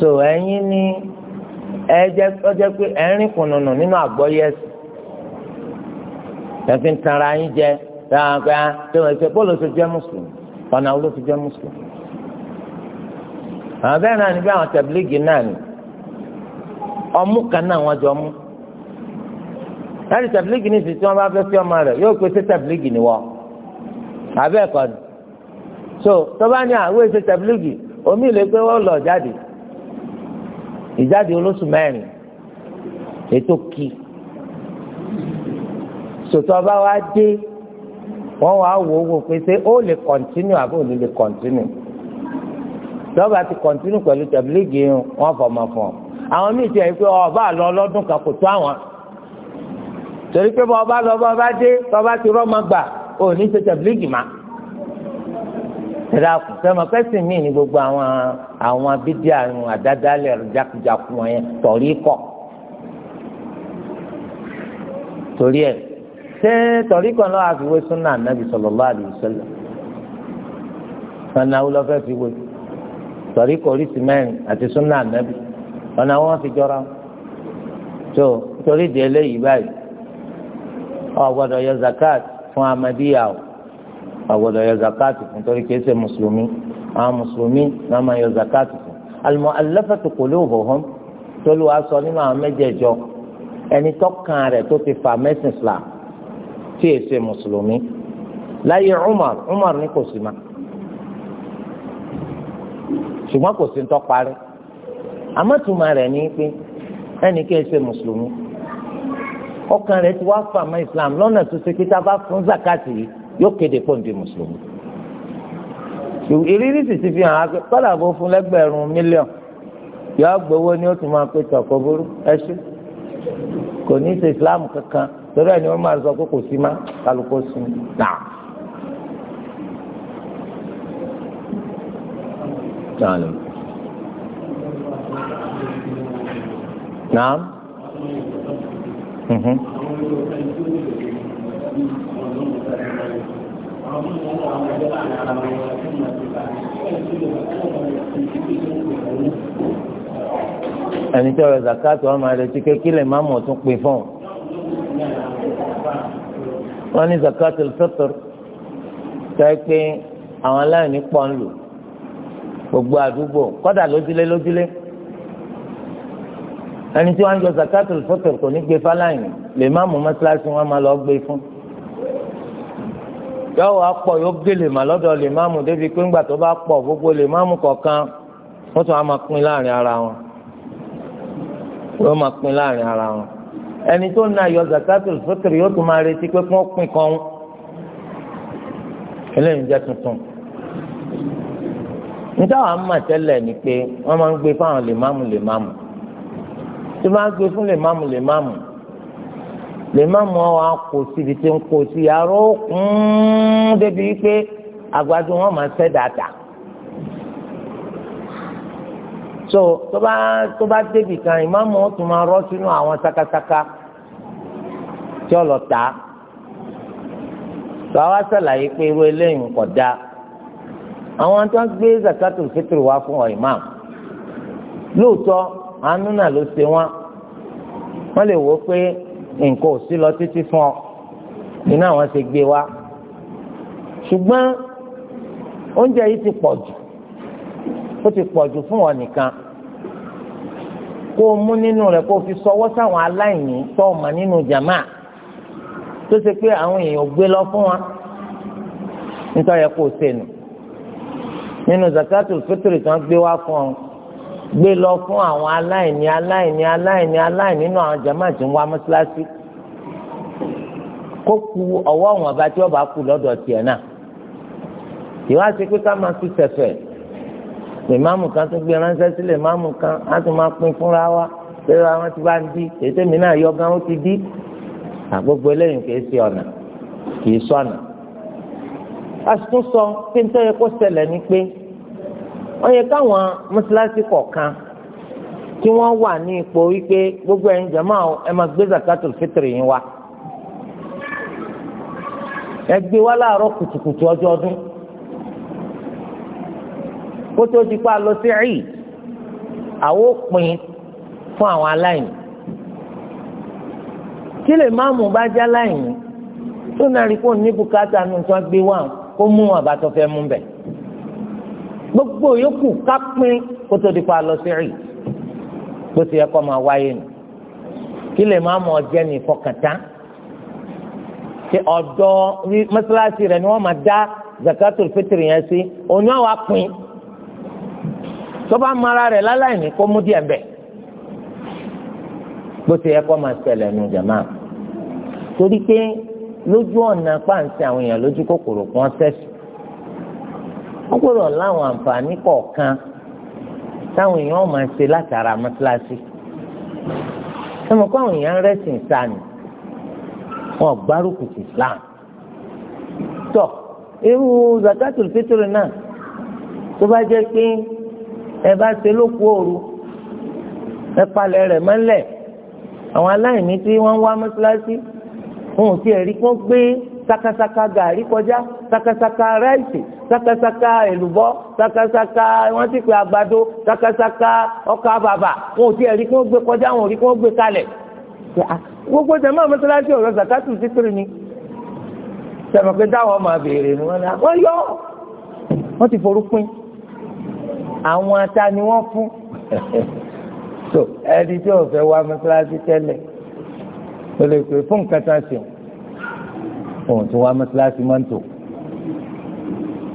so ẹ̀yin ni ẹ jẹ́ ọ jẹ́ pé rìn kùnùnù nínú àgbọ́yé ẹ̀sìn ẹ̀ fi ń yín jẹ dáhùn pé ah, ṣé wọ́n ṣe bọ́ọ̀lù ṣe jẹ́ mùsùlùmí ọ̀nà wo jẹ́ mùsùlùmí. àwọn bẹ́ẹ̀ náà ni àwọn tẹ̀blígì náà ni ọmú kan náà wọ́n jọ mú láti tẹ̀blígì ní ìsìn tí wọ́n bá fẹ́ fi ọmọ rẹ̀ so tó bá ní àwọn ah, omi wọ́n ìjáde olóṣù mẹ́rin ètò kì sòtọ́ bá wá dé wọ́n wá wò ó wò pé ṣé ó lè kọ̀ntínú àbí ò ní lè kọ̀ntínú lọ́ba ti kọ̀ntínú pẹ̀lú tẹ̀bílíìgì wọn fọmọ fún ọ àwọn míì ti ẹ̀ pé ọba àlọ́ ọlọ́dún kan kò tó àwọn torí pé bọ́ ọba lọ bọ́ ọba dé bọ́ ti rọ́ ọmọ gbà ò ní ṣe tẹ̀bílíìgì máa ẹ̀dá kù sẹ́mi kẹ́sì míì ní gbogbo àwọn àwọn abídí àrùn àdádálẹ̀ jákujàku wọn yẹn tọ̀rí kọ̀ torí ẹ̀ ṣé tọ̀rí kọ̀ náà àfiwé súnà ànábì sallallahu alaihi wasallam ọ̀nà àwùlọ fẹ́ fi wé tọ̀rí kọ̀ oríṣi mẹ́rin àti súnà ànábì ọ̀nà wọn fi jọra tó torí di eléyìí báyìí ọ̀ yọ zakat fún amadíyà àgbọ̀dọ̀ yọ zakati fún torí kìí ṣe mùsùlùmí àwọn mùsùlùmí náà máa yọ zakati fún al-mu'allafati qulubuhum tolu wa sọ nínú àwọn mẹ́jẹ̀ẹ̀jọ ẹni tọkàn rẹ̀ tó ti fà mẹ́sìn Islam tí kìí ṣe mùsùlùmí láyé Umar Umar ní kò sí ma ṣùgbọ́n kò sí ń tọ́ parí àmọ́tùmá rẹ̀ ní pé ẹnì kìí ṣe mùsùlùmí ọkàn rẹ̀ ti wá fà mọ́ Islam lọ́nà tó ṣe pé tá a bá fún zakati yìí yóò kéde pọ̀ níbi mùsùlùmí ìrírí sì ti fi hàn á pé kọ́là bó fún lẹ́gbẹ̀rún mílíọ̀n yóò gbowó ni ó tún máa pé tọkọ burú ẹ ṣe kò ní í ṣe islam kankan torí ẹni wọn máa sọ pé kò sí má kálukó sí náà. تعالوا نعم ẹni tí ọ̀rọ̀ zakato ọmọ rẹ̀ ti kékeré máa mọ̀ tún pè fún un wọ́n ní zakato fẹ́tọ̀ tẹ́ pé àwọn aláìní pọ̀ ń lò gbogbo àdúgbò kọ́dà lójúlé lójúlé ẹni tí wọ́n ń yọ zakato fẹ́tọ̀ kò ní gbé fáláìní lè má mú mọ́ṣáláṣí wọn máa lọ gbé fún un yọ wá pọ̀ yóò gbélé mà lọ́dọ̀ lè máàmù débi pé ńgbà tó bá pọ̀ gbogbo lè máàmù kọ̀ọ̀kan wọ́n tún á máa pín láàrin ara wọn wọ́n máa pín láàrin ara wọn ẹni tó na yọ zakatul fitri yóò tún máa retí pé kí wọ́n pín kan ń eléyìí jẹ́ tuntun níta wàá mà tẹ́lẹ̀ ni pé wọ́n máa ń gbé fáwọn lè máàmù lè máàmù tí wọ́n máa ń gbé fún lè máàmù lè máàmù lè má mú àwọn akó síbi tí ń kó sí yàrá òkun débi pé agbájú wọn máa fẹ́ dáadáa. so tó bá tó bá débi kan ìmáàmù ó tún máa rọ́ sínú àwọn sakasaka tí ọ̀lọ́ tó a wá sàlàyé pé irú eléyìí kò àwọn tó ń gbé zakatul fitr wá fún ọ ìmáàmù lóòótọ́ àánú náà ló ṣe wọ́n wọ́n lè pé. nǹkan ò sí lọ títí fún ọ iná àwọn ṣe gbé wa ṣùgbọ́n oúnjẹ yìí ti pọ̀ jù ó ti pọ̀ jù fún wọn nìkan kó o mú nínú rẹ̀ kó o fi sọwọ́ sáwọn aláìní tó o mọ̀ nínú jàmá tó ṣe pé àwọn èèyàn gbé lọ fún wa nítorí ẹ kó o ṣe nù nínú zakatul fitri tí wọ́n gbé wá fún ọ gbé lọ fún àwọn aláìní aláìní aláìní aláìní nínú àwọn jama tí ń wá mọ́sálásí kó ku ọwọ́ àwọn ọba tí ọba kù lọ́dọ̀ tiẹ̀ náà ìwà ṣe pé ká máa fi tẹ̀fẹ̀ ìmáàmù kan tó gbé ránṣẹ́ sílẹ̀ ìmáàmù kan á tún máa pín fúnra wa pé àwọn ti bá ń di ètò mi náà yọ gan ó ti di àgbogbo eléyìí kìí ṣe ọ̀nà kìí sọ̀nà. a tún sọ pé ń tẹ́yẹ kó ṣẹlẹ̀ ni pé. ó yẹ káwọn mọ́ṣáláṣí kọ̀ọ̀kan tí wọ́n wà ní ipò wípé gbogbo ẹ̀yin jama ẹ máa gbé zakatul fitri yín wá ẹ gbé wá láàárọ̀ kùtùkùtù ọjọ́ ọdún kó tó ti pa lọ sí ẹ̀yìn àwọn òpin fún àwọn aláìní kí lè má mú bá jẹ́ aláìní tó náà rí kó ní gbogbo yòókù ká pín kó tó di pa lọ sí rì bó ti yẹ kó máa wáyé nù kí lè máa mọ ọjẹ́ ní ìfọkàntán ṣe ọ̀dọ́ mọ́sálásí rẹ̀ ni wọ́n máa dá zakatul fitiri yẹn sí òun náà wàá pín tọ́ba mara rẹ̀ láláì ní kó mú díẹ̀ bẹ̀ bó ti yẹ kó máa ṣẹlẹ̀ nù jàmá torí pé lójú ọ̀nà pàǹsẹ̀ àwọn èèyàn lójú kòkòrò kan sẹ́sì wọ́n gbọ́dọ̀ láwọn àǹfààní kọ̀ọ̀kan táwọn èèyàn máa ṣe látara mọ́tíláṣí sọmọ kó àwọn èèyàn rẹ́sìn sani wọn gbárùkù sí Islam tọ irú zakatul fitiri náà tó bá jẹ́ pé ẹ bá ṣe lóko ooru ẹ palẹ̀ rẹ̀ mọ́lẹ̀ àwọn aláìní tí wọ́n ń wá mọ́tíláṣí wọn ò tiẹ̀ rí gbé sakasaka gàrí kọjá sakasaka ráìsì sakasaka èlùbọ́ sakasaka wọ́n ti pè àgbàdo sakasaka ọkà bàbà wọn ò tiẹ̀ rí kí wọ́n gbé kọjá wọn ò rí kí wọ́n gbé kalẹ̀ gbogbo jẹ́ máa mọ́sálásí ọ̀rọ̀ zakatu síkiri ni sẹ̀mọ̀ pé dáwọ̀ máa béèrè ni wọ́n ní wọ́n yọ wọ́n ti forúpin àwọn ata ni wọ́n fún so ẹni tí ò fẹ́ wá mọ́sálásí tẹ́lẹ̀ ó lè pè fún nǹkan tá a sèwọ̀n òun ti wá mọ́sálásí mọ́tò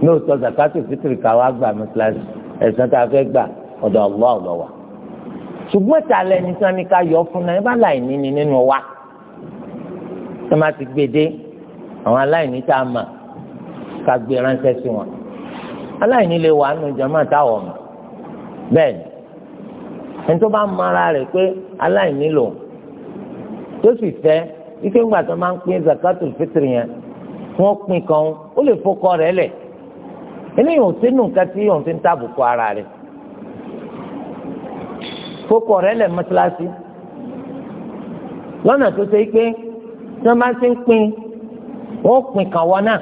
lóòótọ́ zakatu fitiri ká wá gbà mọ́sálásí ẹ̀sán tá a fẹ́ gbà ọ̀dọ̀ ọ̀lọ́ ọ̀lọ́wà ṣùgbọ́n ta lẹni tí wọ́n ní ká yọ fún náà ẹ bá láìní ni nínú wa ẹ má ti gbé àwọn aláìní tá a mà ká gbé ránṣẹ́ sí wọn aláìní lè wà nù jàmáà táwọ̀ mọ̀ bẹ́ẹ̀ ni ẹni tó bá mọ ara rẹ̀ pé aláìní lòun tó sì fẹ́ ike ńgbà tó máa ń pín zakatul fitr yẹn wọ́n pín kan ó lè fọkọ rẹ̀ lẹ̀ eléyìí ò sínú nǹkan tí òun fi ń tàbùkù ara rẹ̀ fọkọ rẹ̀ lẹ̀ mọ́tíláṣí lọ́nà tó ṣe pé tí wọ́n bá ti ń pín wọ́n pín kan wọ́n náà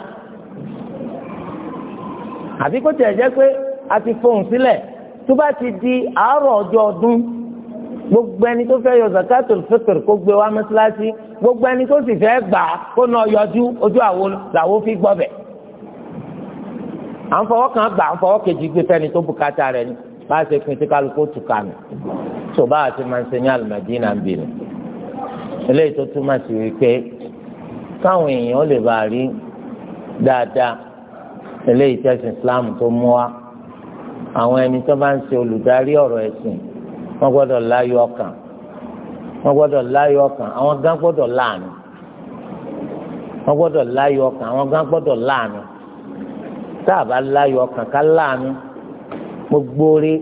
àbí kó tiẹ̀ jẹ́ pé a ti fohùn sílẹ̀ tó bá ti di àárọ̀ ọjọ́ ọdún gbogbo ẹni tó fẹ́ yọ zakatul fitr kó gbé wá mọ́tíláṣí gbogbo ẹni tó sì fẹ́ gbà á kó náà yọjú ojú àwo làwo fi gbọ́ bẹ̀. à ń fọwọ́ kan gbà à ń fọwọ́ kejì gbé fẹ́ni tó bùkátà rẹ̀ ni bá a ṣe pin tí kálukú tù ká mi tó bá a ti máa ń ṣe ní àlùmọ̀dínà ń bìnú. eléyìí tó túmọ̀ sí wípé káwọn èèyàn lè bá a rí dáadáa eléyìí tẹ̀sìn Islam tó mú wa àwọn ẹni tó bá ń ṣe olùdarí ọ̀rọ̀ ẹ̀sìn wọ́n gbọ́dọ̀ láyọ̀ ọkàn wọ́n gbọ́dọ̀ láyọ̀ ọkàn àwọn gan gbọ́dọ̀ láàánú wọ́n gbọ́dọ̀ láyọ̀ ọkàn àwọn gan gbọ́dọ̀ láàánú tá a bá láyọ̀ ọkàn ká láàánú gbogbo rí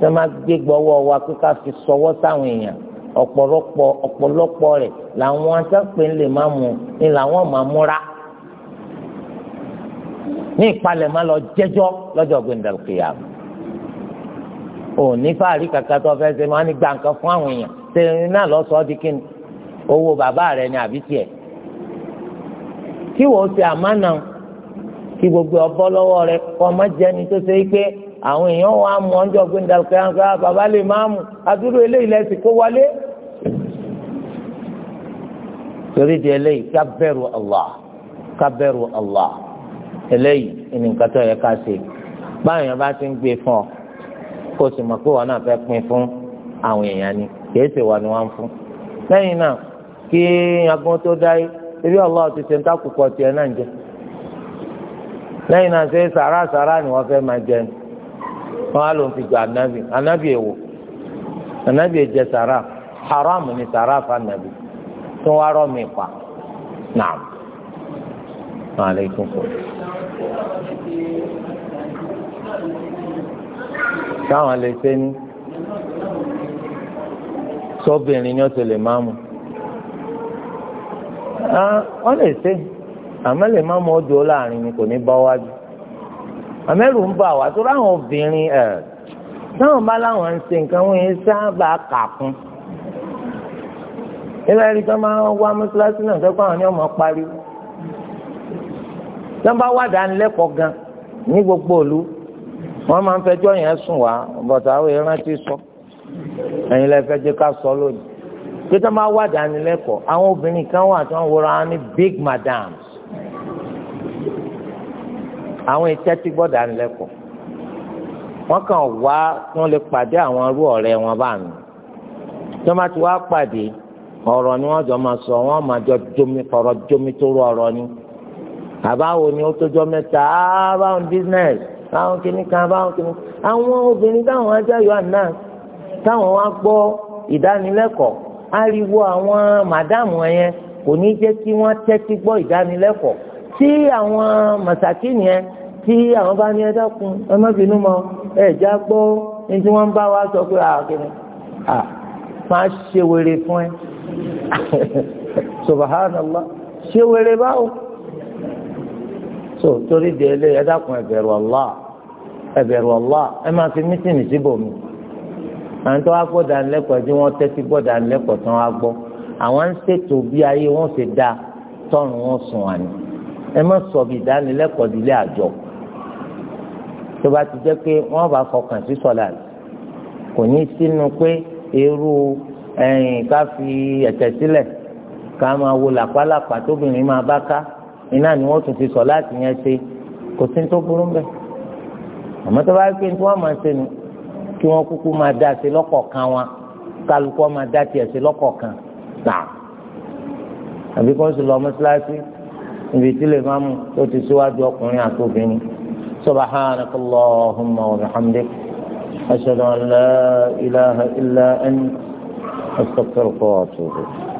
tẹ́ máa gbé gbọ́wọ́ wa pé ká fi sọwọ́ sáwọn èèyàn ọ̀pọ̀lọpọ̀ ọ̀pọ̀lọpọ̀ rẹ̀ làwọn atẹ́pẹ́ lè máa mú ni làwọn máa múra ní ìpalẹ̀ máa lọ jẹ́jọ́ lọ́jọ́ gbẹ̀ndàlùkìyà ò ní fáàrí kàkà tó fẹ́ ṣe máa ní gbàǹkan fún àwọn èèyàn ṣe na lọ sọ ọ́ di bàbá rẹ ni àbí tiẹ̀ tí wọ́n ṣe àmánà kí gbogbo ọbọ̀ lọ́wọ́ rẹ kọ́ ọmọ jẹni tó ṣe pé àwọn èèyàn wa mú ọjọ́ gbé ndàlùkẹ́ àgbà ah, bàbá lè máa mú adúrú eléyìí lẹ́sìn kó wọlé torí di eléyìí ká bẹ̀rù ká bẹ̀rù eléyìí ti ń gbé fún ọ kó o sì fún àwọn èèyàn ni kìí ṣe wà ní wọn fún lẹ́yìn náà kí agbọn tó dáyé ebi Allah ti ṣe ń takùkọ tiẹ̀ náà jẹ lẹ́yìn náà ṣe sàrà sàrà ni wọ́n fẹ́ máa jẹ wọn á ló ń fi jọ anabi anabi èwo anabi èjẹ sàrà haram ni sàrà fa anabi tó wá rọ mi pa náà maaleykum salaam. táwọn lè ṣe ní. sọ́bìnrin ni ó ti lè máa mú ah, wọ́n lè ṣe àmọ́ lè máa mú ọdún láàrin ni kò ní bá wájú àmẹ́rù ń bà wá tó ráwọn obìnrin ẹ̀ eh, táwọn bá láwọn ń ṣe nǹkan wọ́n yẹn sábà kà kún ilé ẹ̀rí tó máa wá mọ́tíláṣí náà sẹ́kọ̀ọ́ àwọn ni ọmọ pariwo tó bá wà dánilẹ́kọ̀ọ́ gan ní gbogbo òlu wọ́n máa ń fẹjọ́ yẹn sùn wá bọ̀tà àwọn ìrántí sọ. So ẹ̀yin lẹ́fẹ́ jẹ́ ká sọ lónìí pété máa wá dánilẹ́kọ̀ọ́ àwọn obìnrin kan wà tí wọ́n wọra wọn ní big madams àwọn ìtẹ́tí gbọ́ dánilẹ́kọ̀ọ́ wọ́n kàn wá tí wọ́n lè pàdé àwọn arú ọ̀rẹ́ wọn bá mi tí wọ́n bá ti wá pàdé ọ̀rọ̀ ni wọ́n jọ máa sọ wọ́n máa jọ jomi ọ̀rọ̀ jomi tó rọ ọ̀rọ̀ ni àbáwo ni ó tójọ́ mẹ́ta àbáwọn business báwọn kìnnìkan báwọn kìnnìkan àwọn obìnrin táwọn ajá yọ àná táwọn wá gbọ́ ìdánilẹ́kọ̀ọ́ ariwo àwọn màdáàmù yẹn kò ní jẹ́ kí wọ́n tẹ́tí gbọ́ ìdánilẹ́kọ̀ọ́ tí àwọn màsàkínì yẹn tí àwọn bá ní ẹjọ́ kun ẹ má bínú mọ ẹ̀já gbọ́ ní tí wọ́n ń bá wa sọ pé àkìní à máa ṣe wèrè fún ẹ subhanallah ṣe wèrè báwo so torí di ẹlẹ́yẹ ẹ dákun ẹ bẹ̀rù Allah ẹ Allah ẹ máa fi mítìnì síbòmí àwọn tó wá gbọ́ dánilẹ́kọ̀ọ́ tí wọ́n tẹ́tí gbọ́ dánilẹ́kọ̀ọ́ tí wọ́n á gbọ́ àwọn ń ṣètò bí ayé wọn ṣe dáa tọ́run wọn sùn wà ní. ẹ má sọ bí dánilẹ́kọ̀ọ́ dílé àjọ tó bá ti jẹ́ pé wọ́n bá fọkàn sí sọ̀lá kò ní sínú pé irú ẹ̀yìn ká fi ẹ̀tẹ̀ sílẹ̀ ká máa wo làpálàpá tóbìnrin máa bá ká iná ni wọ́n tún ti sọ láti yẹn ṣe kò sí ní tó burú bẹ́ẹ̀ àmọ́ tó bá rí pé tí wọ́n máa ṣe nù kí wọ́n kúkú máa dá sí lọ́kọ̀ọ̀kan wọn kálukú máa dá tiẹ̀ sí lọ́kọ̀ọ̀kan tà àbí kó sì lọ mọ́sálásí ibi tí lè máa mú tó ti síwájú ọkùnrin àti obìnrin subhanaka allahumma wa bihamdik ashhadu an la ilaha illa anta astaghfiruka wa atubu ilayk.